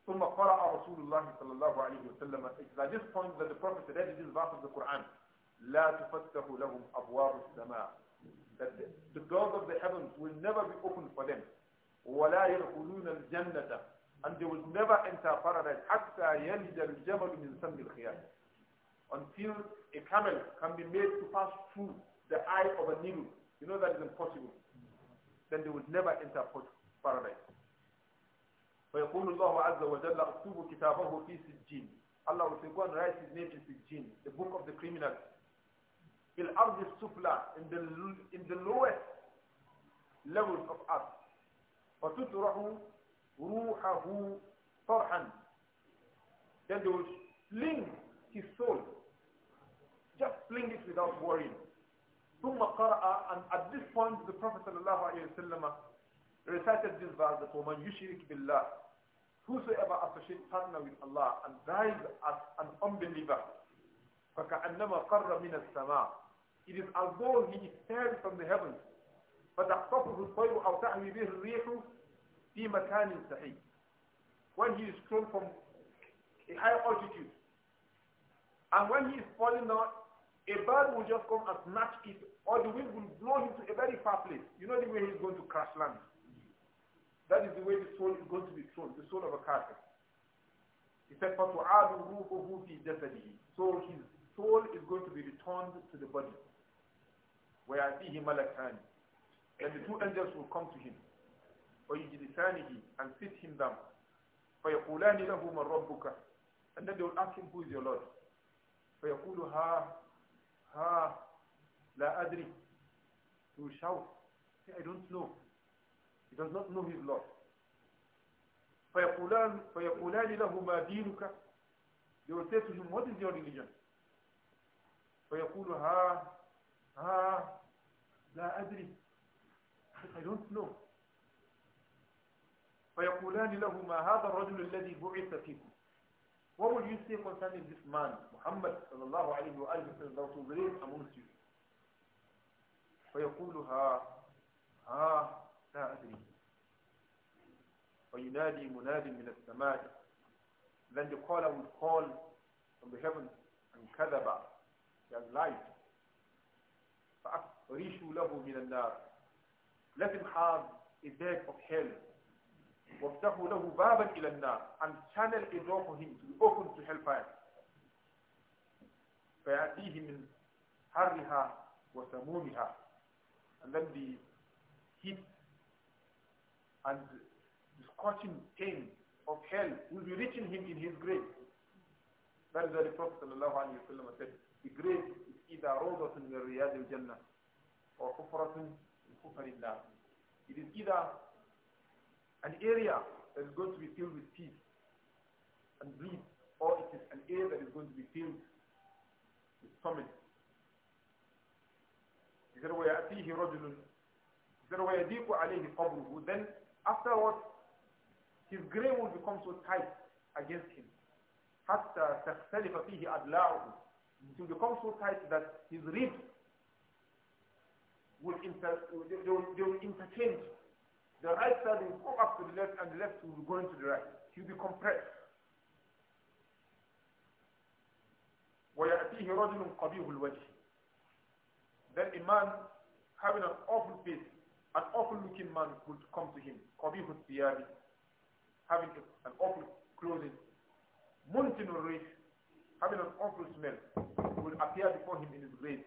ثم قرأ رسول الله صلى الله عليه وسلم It's at this point that the Prophet read this verse of the Quran لا تفتح لهم أبواب السماء That the, the doors of the heavens will never be opened for them ولا يدخلون الجنة and they will never enter paradise حتى يلج الجمل من سم الْخِيَانِ until a camel can be made to pass through the eye of a needle. You know that is impossible. Then they would never enter paradise. فيقول الله عز وجل اكتبوا كتابه في سجين Allah will say, go and write his name in Sijjin, the book of the criminals. Il Abd Sufla, in the, in the lowest levels of earth. فَتُتْرَحُ رُوحَهُ فَرْحًا Then they will fling his soul just fling it without worrying. ثم قرأ and at this point the Prophet ﷺ recited this verse that woman yushrik billah whosoever associates partner with Allah and dies as an unbeliever فَكَأَنَّمَا قَرَّ مِنَ السَّمَاءِ It is as though he is stared from the heavens فتخطفه الطير أو تحوي به الريح في مكان سحيق When he is thrown from a high altitude and when he is falling down a bird will just come and snatch it, or the wind will blow him to a very far place. You know the way he's going to crash land. That is the way the soul is going to be thrown, the soul of a kafir. He said, فَتُعَادُ رُوحُهُ فِي جَسَدِهِ So his soul is going to be returned to the body. where I see وَيَعْتِهِ مَلَكَانِ And the two angels will come to him. him And sit him down. And then they will ask him, who is your Lord? ha la adri he shout I don't know he does not know his Lord فيقولان فيقولان له ما دينك they will say to him what is your religion فيقول ها ها لا أدري I don't know فيقولان له ما هذا الرجل الذي بعث فيكم What would you say concerning this man, Muhammad sallallahu alayhi wa alayhi wa sallam, that was raised amongst you? فيقول ها ها لا أدري وينادي مناد من السماء Then the caller will call from the heavens and كذب he has lied فأفرشوا له من النار Let him have a bag of hell وافتحوا له بابا إلى النار and channel a door for him to be open to hellfire فيأتيه من حرها وسمومها and then the heat and the scorching pain of hell will be reaching him in his grave. That is why the Prophet ﷺ said, the grave is either rawdatun min riyad al-jannah or kufratun min kufar It is either an area that is going to be filled with peace and bleed, or it is an area that is going to be filled with torment. He said, وَيَأْتِيهِ Then afterwards, his grave will become so tight against him. حَتَّى It will become so tight that his ribs will, inter they will, they will interchange the right side will go up to the left and the left will go into the right. He'll be compressed. Then a man having an awful face, an awful looking man would come to him. قبيح الثياب. Having an awful clothing. monotonous, Having an awful smell. Will appear before him in his grave.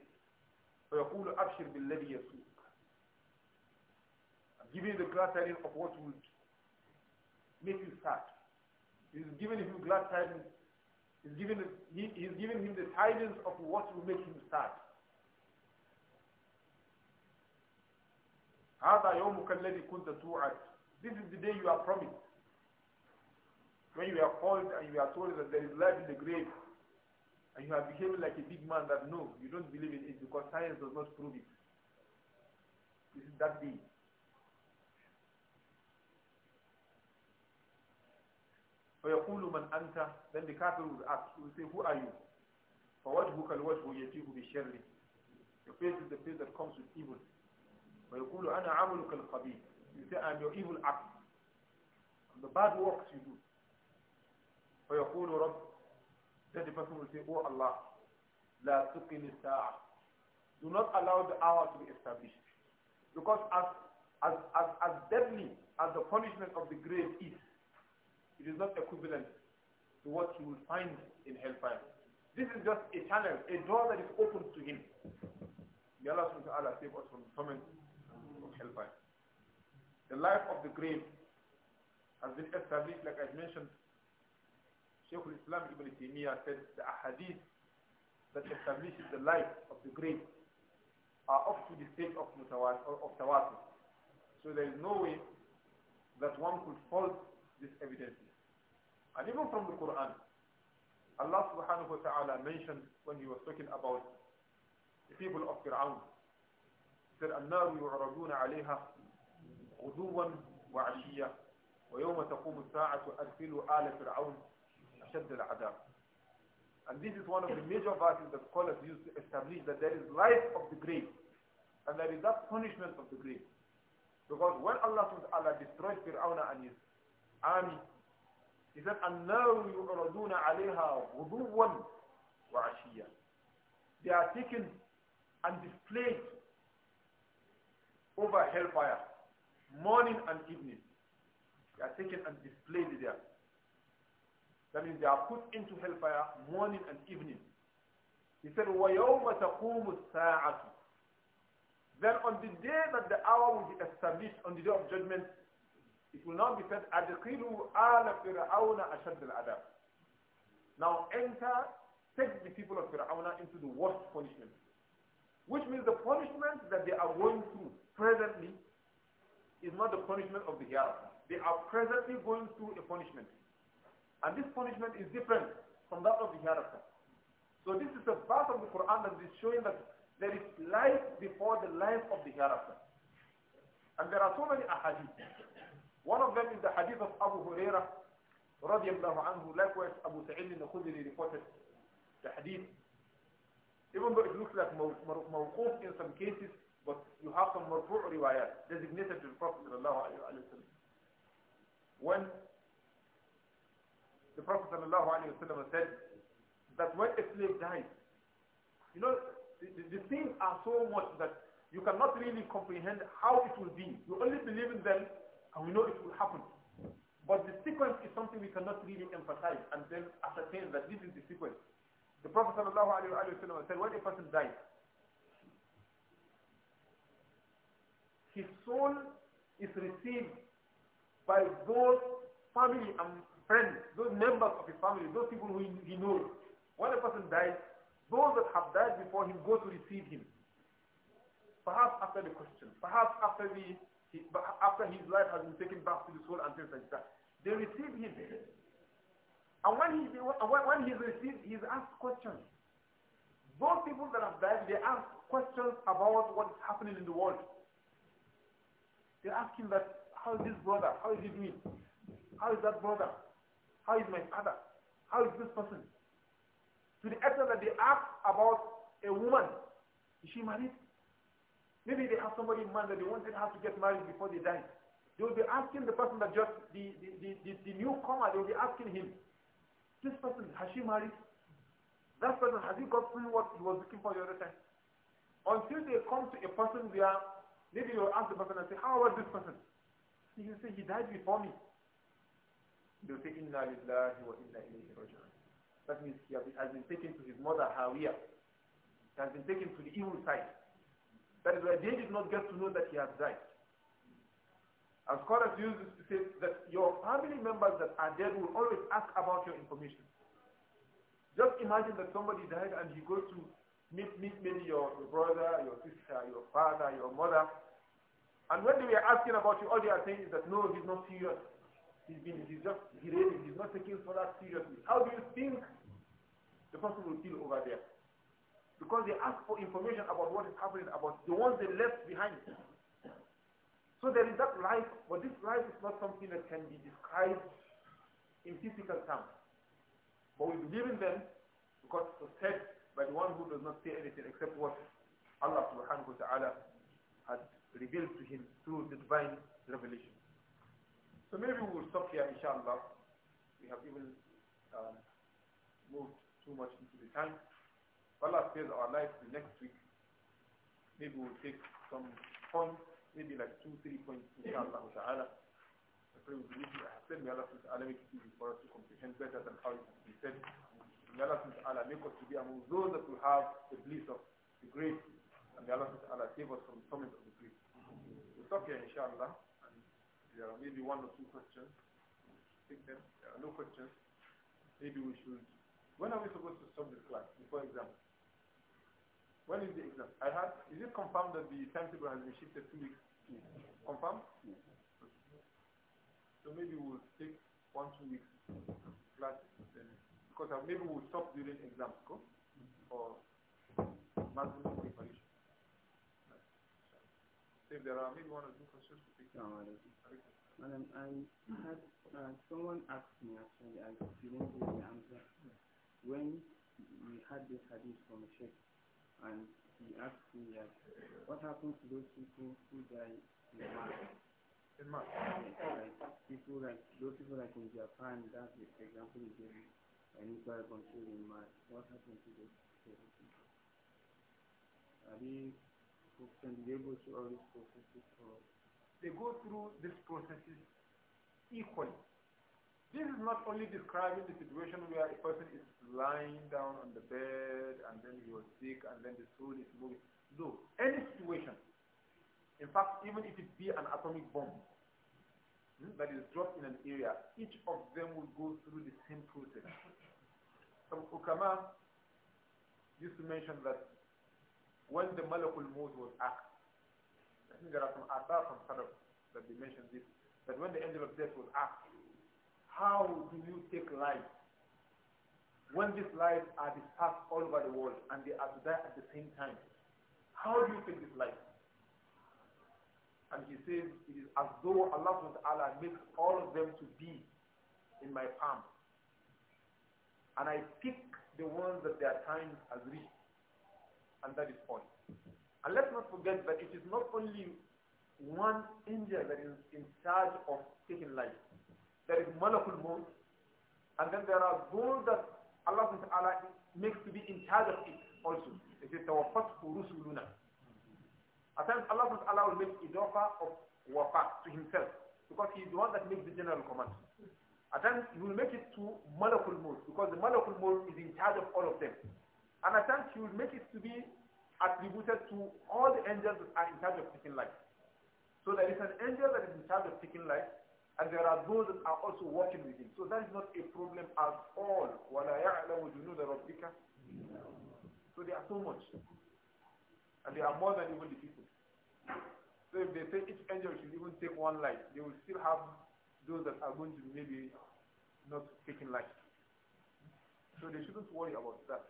فيقول أبشر بالذي giving the glad tidings of what would make you sad. He's giving him glad tidings. He's giving, he, he's giving him the tidings of what will make him sad. هذا كنت توعد This is the day you are promised. When you are called and you are told that there is life in the grave, and you are behaving like a big man that no, you don't believe in it because science does not prove it. This is that day. فيقول من أنت then the kafir will ask will say who are you فوجهك الوجه يتيه بالشر your face is the face that comes with evil ويقول أنا عملك الخبيث you say I'm your evil act the bad works you do فيقول رب then the person will say oh Allah لا تقل الساعة do not allow the hour to be established because as as as, as deadly as the punishment of the grave is it is not equivalent to what he will find in hellfire. This is just a channel, a door that is open to him. May Allah subhanahu wa ta'ala save us from the torment of hellfire. The life of the grave has been established, like I mentioned. Shaykh al-Islam Ibn Taymiyyah said the ahadith that establishes the life of the grave are up to the state of mutawatir, of So there is no way that one could fault this evidence. And even from the Quran, Allah subhanahu wa ta'ala mentioned when he was talking about the people of Fir'aun. He said, النار يعرضون عليها غدوا وعشية ويوم تقوم الساعة أدخلوا آل فرعون أشد العذاب. And this is one of the major verses that scholars use to establish that there is life of the grave and there is that punishment of the grave. Because when Allah subhanahu wa ta'ala destroyed Fir'aun and his army, he said, النَّارُ يُعْرَضُونَ عَلَيْهَا غُدُوًّا وَعَشِيًّا They are taken and displayed over hellfire, morning and evening. They are taken and displayed there. That means they are put into hellfire morning and evening. He said, وَيَوْمَ تَقُومُ السَّاعَةُ Then on the day that the hour will be established, on the day of judgment, it will not be said, Now enter, take the people of Fir'aun into the worst punishment. Which means the punishment that they are going through presently is not the punishment of the hereafter. They are presently going through a punishment. And this punishment is different from that of the hereafter. So this is a part of the Quran that is showing that there is life before the life of the hereafter. And there are so many ahadith one of them is the hadith of Abu Huraira, radiallahu anhu, likewise Abu Sa'id al-Khudri reported the hadith. Even though it looks like mawquf in some cases, but you have some marfu' riwayat designated to the Prophet sallallahu alayhi wa When the Prophet sallallahu alayhi wa said that when a slave dies, you know, the, the, the things are so much that you cannot really comprehend how it will be. You only believe in them and we know it will happen. But the sequence is something we cannot really emphasize and then ascertain that this is the sequence. The Prophet said, when a person dies, his soul is received by those family and friends, those members of his family, those people who he knows. When a person dies, those that have died before him go to receive him. Perhaps after the question, perhaps after the he, after his life has been taken back to the soul and things like that. They receive him. And when he when he's received, he's asked questions. Those people that have died, they ask questions about what is happening in the world. They ask him that, how is this brother? How is he doing? How is that brother? How is my father? How is this person? To the extent that they ask about a woman. Is she married? Maybe they have somebody in mind that they wanted her to get married before they died. They will be asking the person that just, the, the, the, the, the newcomer, they will be asking him, this person, has she married? That person, has he through what he was looking for the other time? Until they come to a person where maybe you will ask the person and say, how about this person? He will say, he died before me. They will say, inna lillahi wa inna ilayhi raji'un. That means he has been taken to his mother, Hawiyah. He has been taken to the evil side. That is why they did not get to know that he had died. And scholars use this to say that your family members that are dead will always ask about your information. Just imagine that somebody died and you go to meet, meet maybe your, your brother, your sister, your father, your mother. And when they are asking about you, all they are saying is that, no, he's not serious. He's been, he's just derailing. He's not taking for that seriously. How do you think the person will feel over there? Because they ask for information about what is happening, about the ones they left behind. So there is that life, but this life is not something that can be described in physical terms. But we believe in them because it was said by the one who does not say anything except what Allah subhanahu wa ta'ala has revealed to him through the divine revelation. So maybe we will stop here, inshallah. We have even um, moved too much into the time. Allah says our life next week, maybe we'll take some points, maybe like two, three points, inshallah ta'ala. I pray with you, I send me Allah ta'ala make it easy for us to comprehend better than how it has been said. May Allah ta'ala make us to be among those that will have the bliss of the great, and may Allah ta'ala save us from the torment of the great. We'll stop here, inshallah, and there are maybe one or two questions. Take them. There are no questions. Maybe we should. When are we supposed to stop this class? Before example. When is the exam? I had, is it confirmed that the timetable has been shifted two weeks? Yes. Confirmed? Yes. So maybe we'll take one, two weeks class then. Because maybe we'll stop during exam school for maximum preparation. If there are maybe one or two questions to pick no, Madam, I had uh, someone asked me actually, I didn't give the answer. When we had this hadith from a sheikh and he asked me that, what happened to those people who die in mass? In mass, Yes, like people like, those people like in Japan, that the example you gave me, an nuclear control in mass, What happened to those people? Are they, can they go through all these processes? Or? They go through these processes equally. This is not only describing the situation where a person is lying down on the bed and then he was sick and then the soul is moving. No, any situation. In fact, even if it be an atomic bomb hmm, that is dropped in an area, each of them will go through the same process. Some Ukama used to mention that when the Malakul Maut was asked, I think there are some other from Sadaf that they mentioned this, that when the angel of death was asked, how do you take life when these lives are dispersed all over the world and they are to die at the same time? How do you take this life? And he says, it is as though Allah SWT makes all of them to be in my palm. And I pick the ones that their time has reached. And that is all. And let's not forget that it is not only one angel that is in charge of taking life. There is Malakul Maut. And then there are those that Allah Ta'ala makes to be in charge of it also. It is Tawafatku Rusuluna. At times Allah Ta'ala will make idofa of wafa to himself because he is the one that makes the general command. At times he will make it to Malakul Maut because the Malakul Maut is in charge of all of them. And at times he will make it to be attributed to all the angels that are in charge of taking life. So there is an angel that is in charge of taking life, and there are those that are also working with him. So that is not a problem at all. وَلَا يَعْلَمُ جُنُودَ رَبِّكَ So they are so much. And they are more than even the people. So if they say each angel should even take one life, they will still have those that are going to maybe not taking life. So they shouldn't worry about that.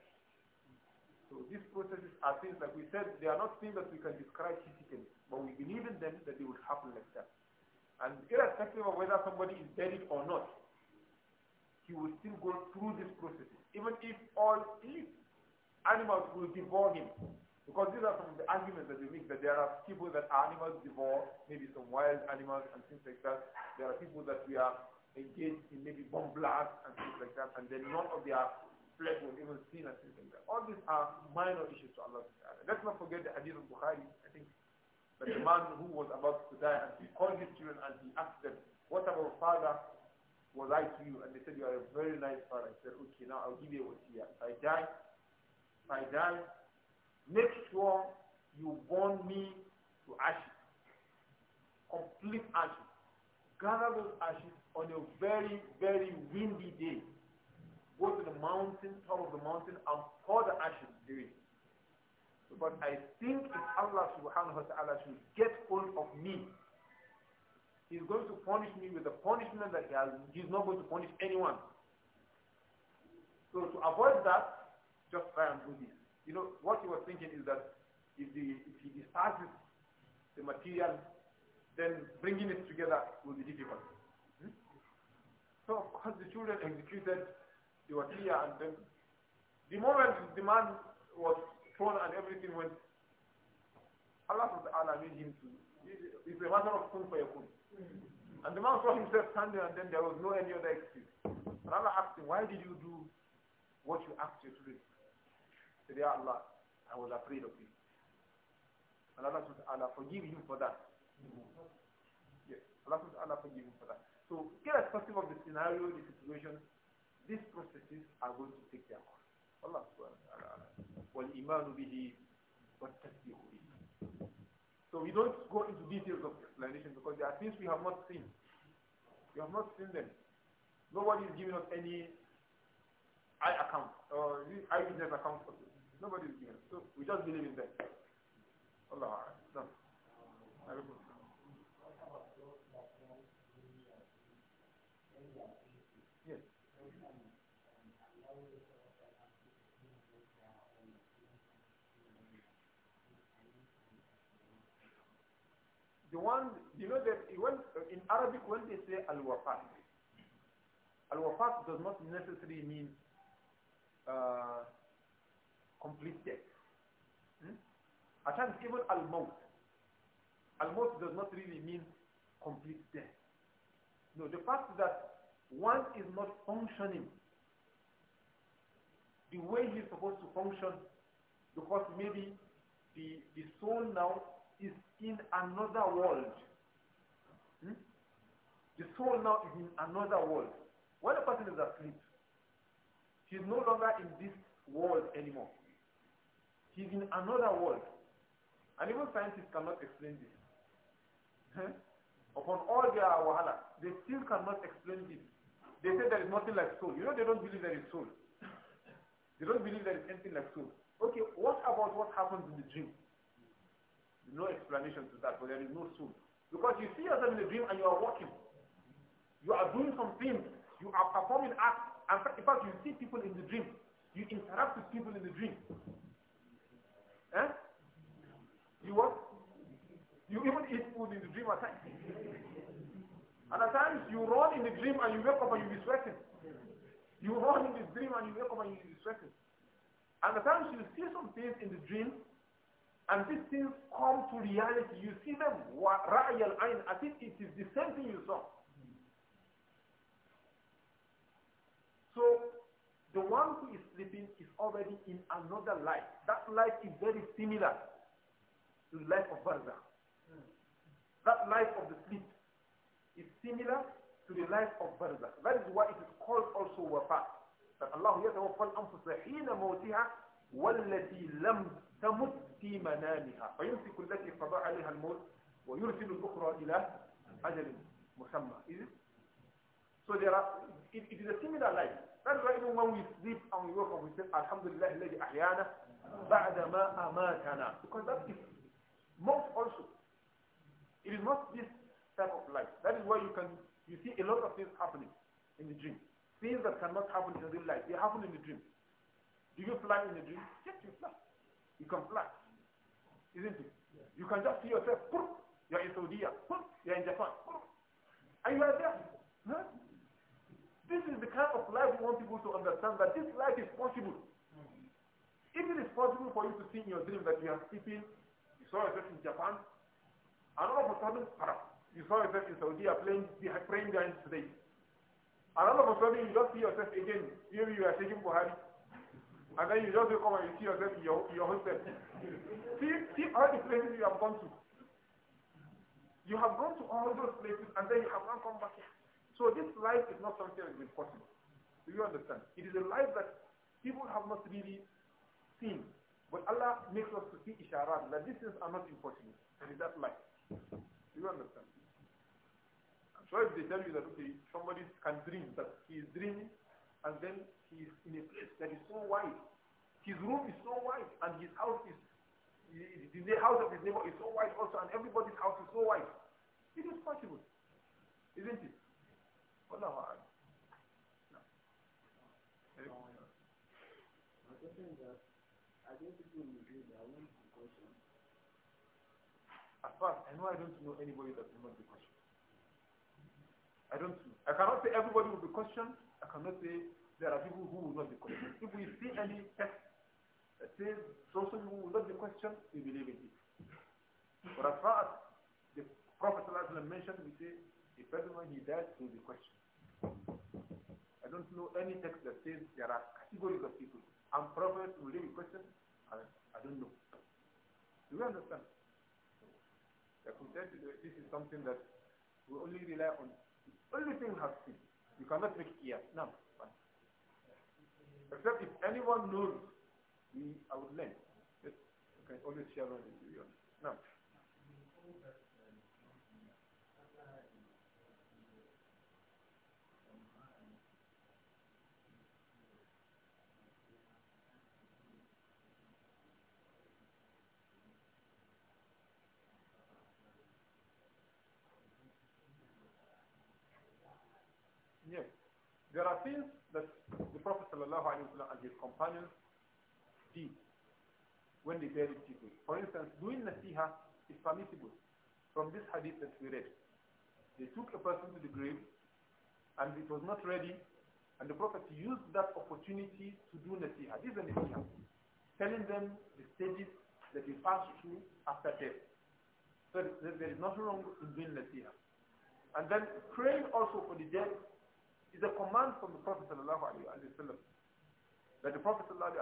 So these processes are things like we said, they are not things that we can describe physically, but we believe in them that they will happen like that. And irrespective of whether somebody is buried or not, he will still go through this process, even if all these animals will devour him. Because these are some of the arguments that they make, that there are people that animals devour, maybe some wild animals and things like that. There are people that we are engaged in maybe bomb blasts and things like that, and then none of their flesh will even seen and things like that. All these are minor issues to Allah Let's not forget the hadith of Bukhari, I think but the man who was about to die and he called his children and he asked them, what about father was I to you? And they said, you are a very nice father. He said, okay, now I'll give you a here. If I die, if I die, make sure you burn me to ashes, complete ashes. Gather those ashes on a very, very windy day. Go to the mountain, top of the mountain, and pour the ashes there but I think if Allah subhanahu wa ta'ala should get hold of me, He's going to punish me with the punishment that He has. He's not going to punish anyone. So to avoid that, just try and do this. You know, what he was thinking is that if, the, if he disperses the material, then bringing it together will be difficult. Hmm? So of course the children executed the wasiya and then the moment the man was phone and everything went. Allah Allah made him to. It's a matter of phone for your phone. And the man saw himself standing and then there was no any other excuse. And Allah asked him, why did you do what you asked you to do? said, Ya Allah, I was afraid of you. And Allah Ta'ala forgive him for that. Yes, Allah said, Allah forgive him for that. So irrespective of the scenario, the situation, these processes are going to take their course. Allah subhanahu wa ta'ala. So we don't go into details of explanation because there are things we have not seen. We have not seen them. Nobody is giving us any eye account or eyewitness account for this. Nobody is giving us. So we just believe in them. Allah. No. The one, you know that when, uh, in Arabic when they say al-wafat, al-wafat does not necessarily mean uh, complete death. Hmm? At times even al-maut. Al-maut does not really mean complete death. No, the fact that one is not functioning the way he's supposed to function because maybe the, the soul now in another world. Hmm? The soul now is in another world. When a person is asleep, is no longer in this world anymore. is in another world. And even scientists cannot explain this. Hmm? Upon all their wahala, they still cannot explain this. They say there is nothing like soul. You know they don't believe there is soul. They don't believe there is anything like soul. Okay, what about what happens in the dream? no explanation to that, but there is no soul. Because you see yourself in a dream and you are walking. You are doing some things. You are performing acts. And in fact, you see people in the dream. You interact with people in the dream. Eh? You what? You even eat food in the dream at times. And at times you run in the dream and you wake up and you be sweating. You run in the dream and you wake up and you be sweating. And at times you see some things in the dream and these things come to reality. You see them, رَأْيَ الْعَيْنِ I think it is the same thing you saw. So, the one who is sleeping is already in another life. That life is very similar to the life of Barza. That life of the sleep is similar to the life of Barza. That is why it is called also wafat. That Allah والتي لم تمت في منامها فيمسك التي قضى عليها الموت ويرسل الأخرى إلى أجل مسمى is it? so there are it, it is a similar life that's why even when we sleep and we wake up we say Alhamdulillah الذي أحيانا بعد ما أماتنا because that is most also it is not this type of life that is why you can you see a lot of things happening in the dream things that cannot happen in real life they happen in the dream Do you fly in a dream? Yes, you fly. You can fly. Isn't it? You can just see yourself, you're in Saudi, you're in Japan. Are you are there. Huh? This is the kind of life we want people to understand that this life is possible. If it is possible for you to see in your dream that you are sleeping, you saw yourself in Japan, and all of a sudden, you saw yourself in Saudi playing, praying behind today. And all of a sudden, you just see yourself again. Maybe you are taking Buhari and then you just come and you see yourself in your, in your own self. see, see all the places you have gone to. You have gone to all those places and then you have not come back here. So this life is not something that is impossible. Do you understand? It is a life that people have not really seen. But Allah makes us to see isharat, that these things are not impossible. And is that life. Do you understand? I'm sure if they tell you that, okay, somebody can dream, that he is dreaming, and then he is in a place that is so wide. His room is so wide and his house is, the house of his neighbor is so wide also and everybody's house is so wide. It is possible, isn't it? Wallahu a'lam. As far as I know, I don't know anybody that will not be questioned. I don't know. I cannot say everybody will be questioned. I cannot say there are people who will not be questioned. If we see any text that says something who will not be questioned, we believe in it. But as far as the Prophet mentioned, we say a person when he dies will be questioned. I don't know any text that says there are categories of people. And prophet. will be questioned. I, I don't know. Do you understand? Like this is something that we only rely on. Only thing has seen. You cannot make it here. Now. Except if anyone knows, we, I would learn. Yes, you can always share knowledge with you. Now, There are things that the Prophet and his companions did when they buried people. For instance, doing nasiha is permissible from this hadith that we read. They took a person to the grave and it was not ready and the Prophet used that opportunity to do nasiha. This is nasiha. Telling them the stages that they pass through after death. So there is nothing wrong in doing nasiha. And then praying also for the dead it's a command from the Prophet ﷺ that the Prophet ﷺ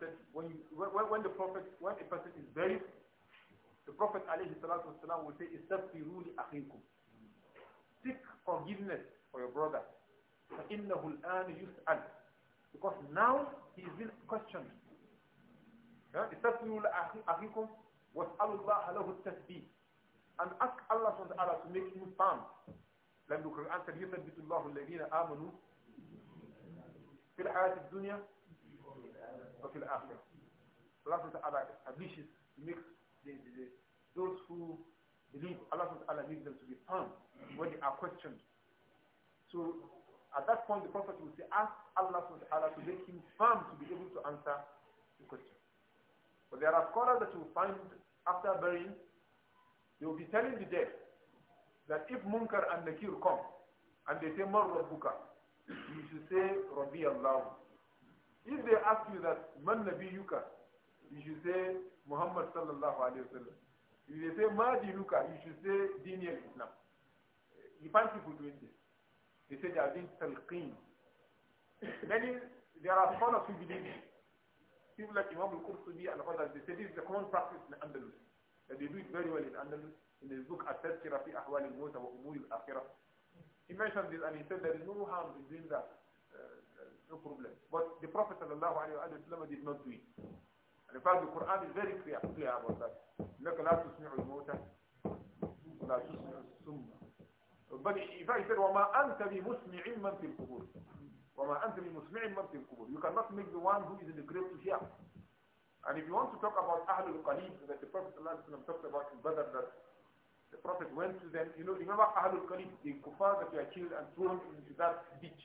said when, when, when the Prophet when a person is buried, the Prophet ﷺ will say, "Istaghfiru li akhikum." Seek forgiveness for your brother. فَإِنَّهُ الْآنُ يُسْأَلُ Because now he is being questioned. إِسْتَغْفِرُوا لَأَخِيكُمْ وَاسْأَلُوا اللَّهَ لَهُ التَّسْبِيحِ And ask Allah subhanahu wa ta'ala to make him found. لم يكن أنت يثبت الله الذين آمنوا في الحياة الدنيا وفي الآخرة Ta'ala establishes, makes the, the, the, those who believe, Allah Ta'ala makes them to be firm when they are questioned. So at that point the Prophet will say, ask Allah Ta'ala to make him firm to be able to answer the question. But there are scholars that you will find after burying, they will be telling the dead that if Munkar and Nakir come and they say Mar Rabbuka, you should say Rabbi Allah. If they ask you that Man Nabiyuka, you should say Muhammad sallallahu alayhi wa sallam. If they say Ma Dinuka, you should say Dini al-Islam. You find people doing this. They say they are being talqeen. Many, there are scholars who believe it. People like Imam al-Qurtubi and others, they say this is a common practice in Andalus. they do it very well in Andalus in his book At-Tazkira fi Ahwal al-Mawt wa Umur al-Akhirah, he mentioned this and he said there is no harm in doing that, uh, no problem. But the Prophet sallallahu alayhi wa did not do it. And in fact the Quran is very clear, clear about that. لَكَ لَا تُسْمِعُ الْمَوْتَ لَا تُسْمِعُ السُّمَّ But if I said, وَمَا أَنْتَ بِمُسْمِعٍ مَنْ فِي الْقُبُورِ وَمَا أَنْتَ بِمُسْمِعٍ مَنْ فِي الْقُبُورِ You cannot make the one who is in the grave to hear. And if you want to talk about Ahlul Qalib, that the Prophet ﷺ talked about in Badr, that The Prophet went to them, you know, remember Ahlul khalid the kuffar that were killed and thrown into that ditch.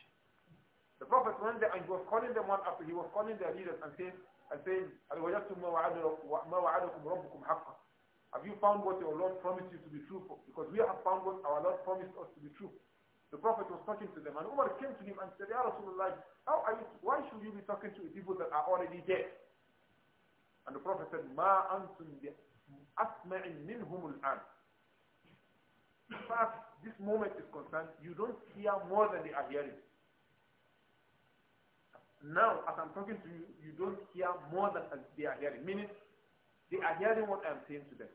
The Prophet went there and he was calling them one after, he was calling their leaders and saying, and saying, وَجَدْتُمْ مَا وَعَدَكُمْ Have you found what your Lord promised you to be true for? Because we have found what our Lord promised us to be true. The Prophet was talking to them and Umar came to him and said, Ya Rasulullah, how are you, why should you be talking to people that are already dead? And the Prophet said, "Ma مَا أَنْتُمْ أَسْمَعٍ مِّنْهُمُ an." far this moment is concerned, you don't hear more than they are hearing. Now, as I'm talking to you, you don't hear more than they are hearing. Meaning, they are hearing what I am saying to them.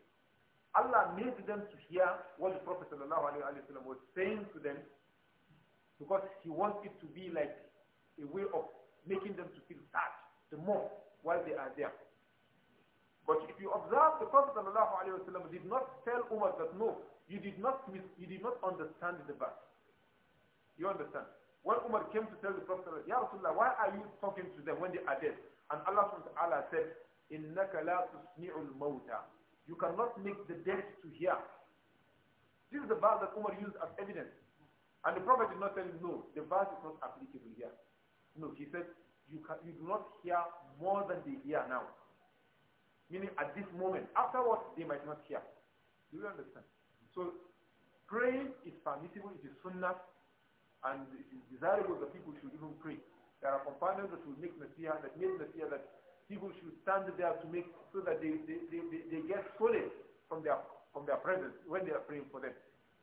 Allah made them to hear what the Prophet ﷺ was saying to them because he wants it to be like a way of making them to feel that the more while they are there. But if you observe, the Prophet ﷺ did not tell Umar that no, you did not you did not understand the verse. You understand? When Umar came to tell the Prophet, Ya Rasulullah, why are you talking to them when they are dead? And Allah subhanahu wa ta'ala said, Innaka la tusmi'ul mawta. You cannot make the dead to hear. This is the verse that Umar used as evidence. And the Prophet did not tell him, no, the verse is not applicable here. No, he said, you, can, you do not hear more than they hear now. Meaning at this moment. Afterwards, they might not hear. Do you understand? So praying is permissible, it is sunnah, and it is desirable that people should even pray. There are companions that will make nasiha, that make nasiha, that people should stand there to make, so that they, they, they, they get solace from their, from their presence when they are praying for them.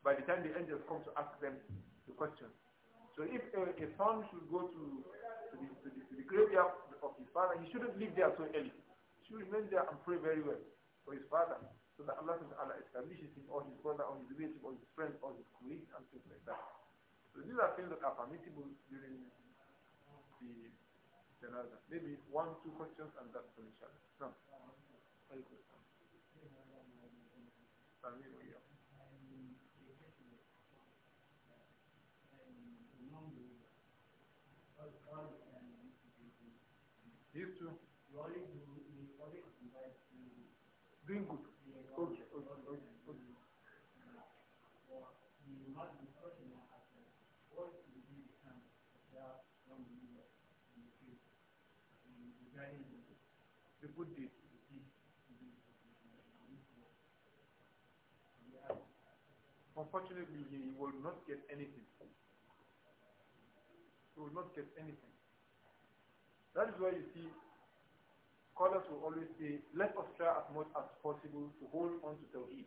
By the time the angels come to ask them the question. So if a, a son should go to, to, the, to, the, to the graveyard of his father, he shouldn't leave there so early. He should remain there and pray very well for his father. So that Allah subhanahu establishes him or his brother or his relative or his friend or his colleague and things like that. So these are things that are permissible during the janazah. Maybe one, two questions and that's for each other. No. Used to doing good. good deed. Unfortunately, he will not get anything. He will not get anything. That is why you see callers will always say, let us try as much as possible to hold on to Tawheed.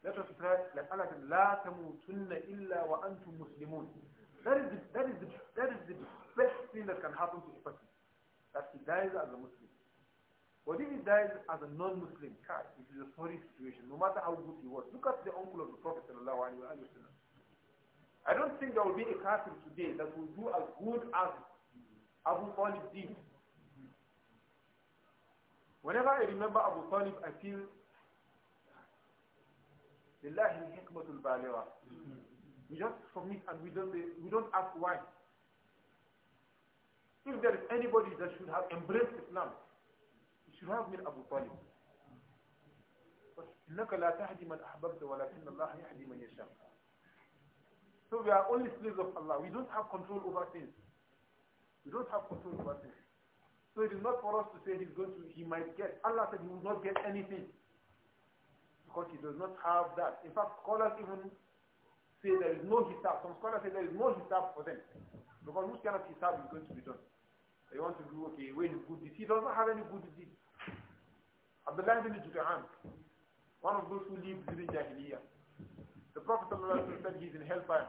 Let us try, like Allah said, لا تموتن إلا وأنتم مسلمون. That is, the, that, is the, that is the best thing that can happen to a person, that he dies as a Muslim. But if he dies as a non-Muslim, God, it is a sorry situation, no matter how good he was. Look at the uncle of the Prophet I don't think there will be a Catholic today that will do as good as Abu Talib did. Whenever I remember Abu Talib, I feel Lillahi hikmatul baliwa. We just submit and we don't, we don't ask why. If there is anybody that should have embraced Islam, شهاب من أبو طالب إنك لا تهدي من أحببت ولكن الله يهدي من يشاء So we are only slaves of Allah. We don't have control over things. We don't have control over things. So it is not for us to say he's going to, he might get. Allah said he will not get anything. Because he does not have that. In fact, scholars even say there is no hisab. Some scholars say there is no hisab for them. Because which kind of hisab is going to be done? They want to do, okay, where is good deed? He does not have any good deeds. Abdullah bin Judahan, one of those who lived during Jahiliyyah. The Prophet said he's in hellfire.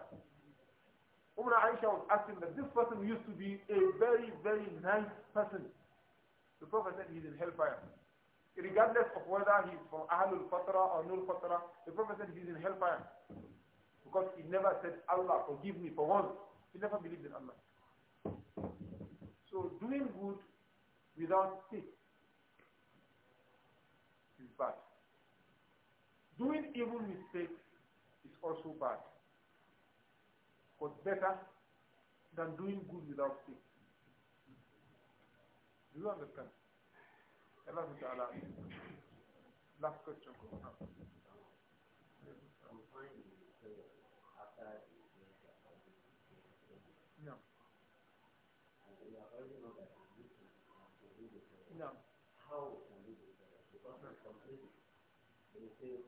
Umar Aisha was asking that this person used to be a very, very nice person. The Prophet said he's in hellfire. Regardless of whether he's from Ahlul Fatra or Nul Fatra, the Prophet said he's in hellfire. Because he never said, Allah forgive me for once. He never believed in Allah. So doing good without faith is bad. Doing evil mistakes is also bad, but better than doing good without sin. Do you understand? Allah Ta'ala. Last question. No. No. How yes.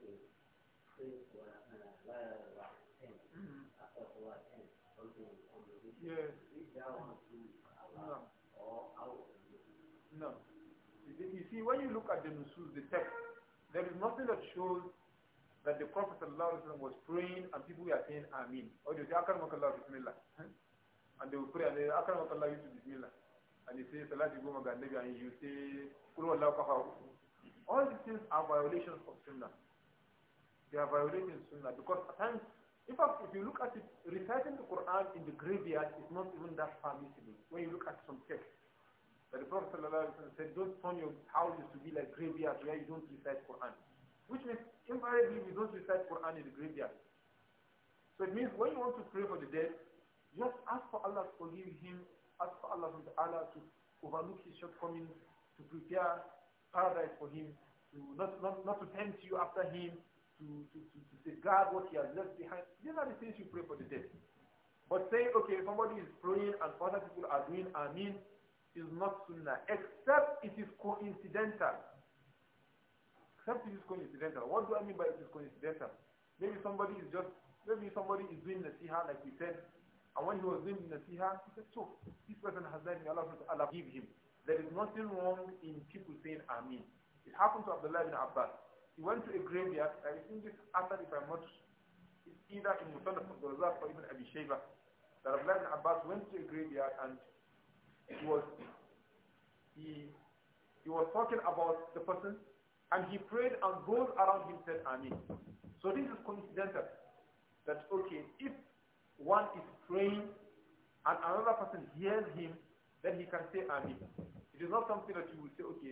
no. No. You see, when you look at the nusus, the text, there is nothing that shows that the Prophet ﷺ was praying and people were saying Amin. Or they say Akramakallah Bismillah. And they will pray and they say Akramakallah Bismillah. And you say Salat Ibn and you say Kuru Allah Kafaru. All these things are violations of Sunnah. They are violating Sunnah because at times, in fact, if you look at it, reciting the Quran in the graveyard is not even that permissible. When you look at some texts, that the Prophet said, don't turn your houses to be like graveyards where you don't recite Quran. Which means, invariably, you don't recite Quran in the graveyard. So it means when you want to pray for the dead, just ask for Allah to forgive him, ask for Allah to overlook his shortcomings, to prepare paradise for him, to not, not, not to tempt you after him, to, to, to, to safeguard what he has left behind. These are the things you pray for the dead. But saying, okay, somebody is praying and other people are doing Amin is not Sunnah, except it is coincidental. Except it is coincidental. What do I mean by it is coincidental? Maybe somebody is just, maybe somebody is doing Nasiha like we said, and when he was doing Nasiha, he said, so, this person has died, may Allah, Allah give him. There is nothing wrong in people saying Amin. It happened to Abdullah ibn Abbas. He went to a graveyard, I think this after if I'm not, it's either in Musannaf Abdul or even Abi that Abdullah ibn Abbas went to a graveyard and he was, he, he was talking about the person and he prayed and those around him said Amin. So this is coincidental that okay, if one is praying and another person hears him, then he can say Amin. It is not something that you will say, okay,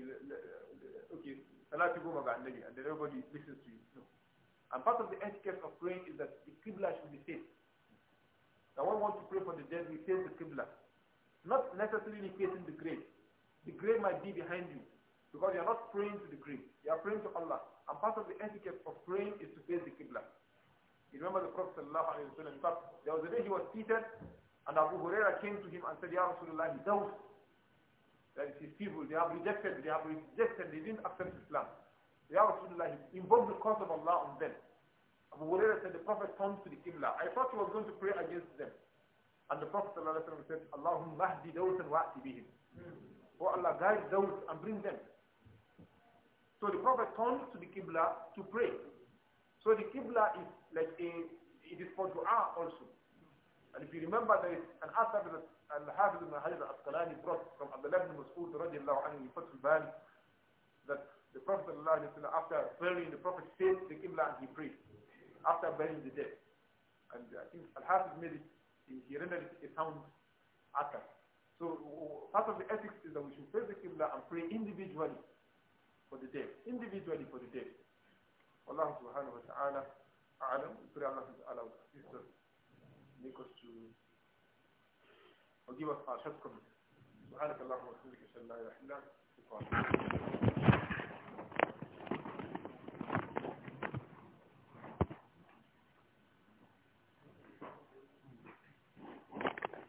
okay, Salati goma ga annabi and everybody listens to you. No. And part of the etiquette of praying is that the Qibla should be safe. Now when we want to pray for the dead, we face the Qibla. Not necessarily facing the grave. The grave might be behind you because you are not praying to the grave. You are praying to Allah. And part of the etiquette of praying is to face the Qibla. You remember the Prophet sallallahu alaihi wasallam. in fact, there was a day he was seated and Abu Huraira came to him and said, Ya Rasulullah, he doubts that is it is people, they have rejected, they have rejected, they didn't accept Islam. Ya Rasulullah, invoke the cause of Allah on them. Abu Huraira said, the Prophet turned to the Qibla. I thought he was going to pray against them. And the Prophet said, Allahumma ahdi dawsan wa'ati bihim. Oh Allah, guide those and bring them. So the Prophet turned to the Qibla to pray. So the Qibla is like a, it is for dua also. And if you remember, there is an aspect that Al-Hafiz ibn Hajar al-Asqalani brought from Abdullah ibn Mas'ud radiallahu anhu in Fatul Bani that the Prophet sallallahu after burying the Prophet said the Qibla and he prayed after burying the dead. And I think Al-Hafiz made it, he rendered it a sound attack. So part of the ethics is that we should face the Qibla and pray individually for the dead. Individually for the dead. Allah subhanahu wa ta'ala, a'lam, we pray Allah subhanahu wa ta'ala وجبت حاجتكم سبحانك اللهم وبحمدك اشهد ان لا اله الا انت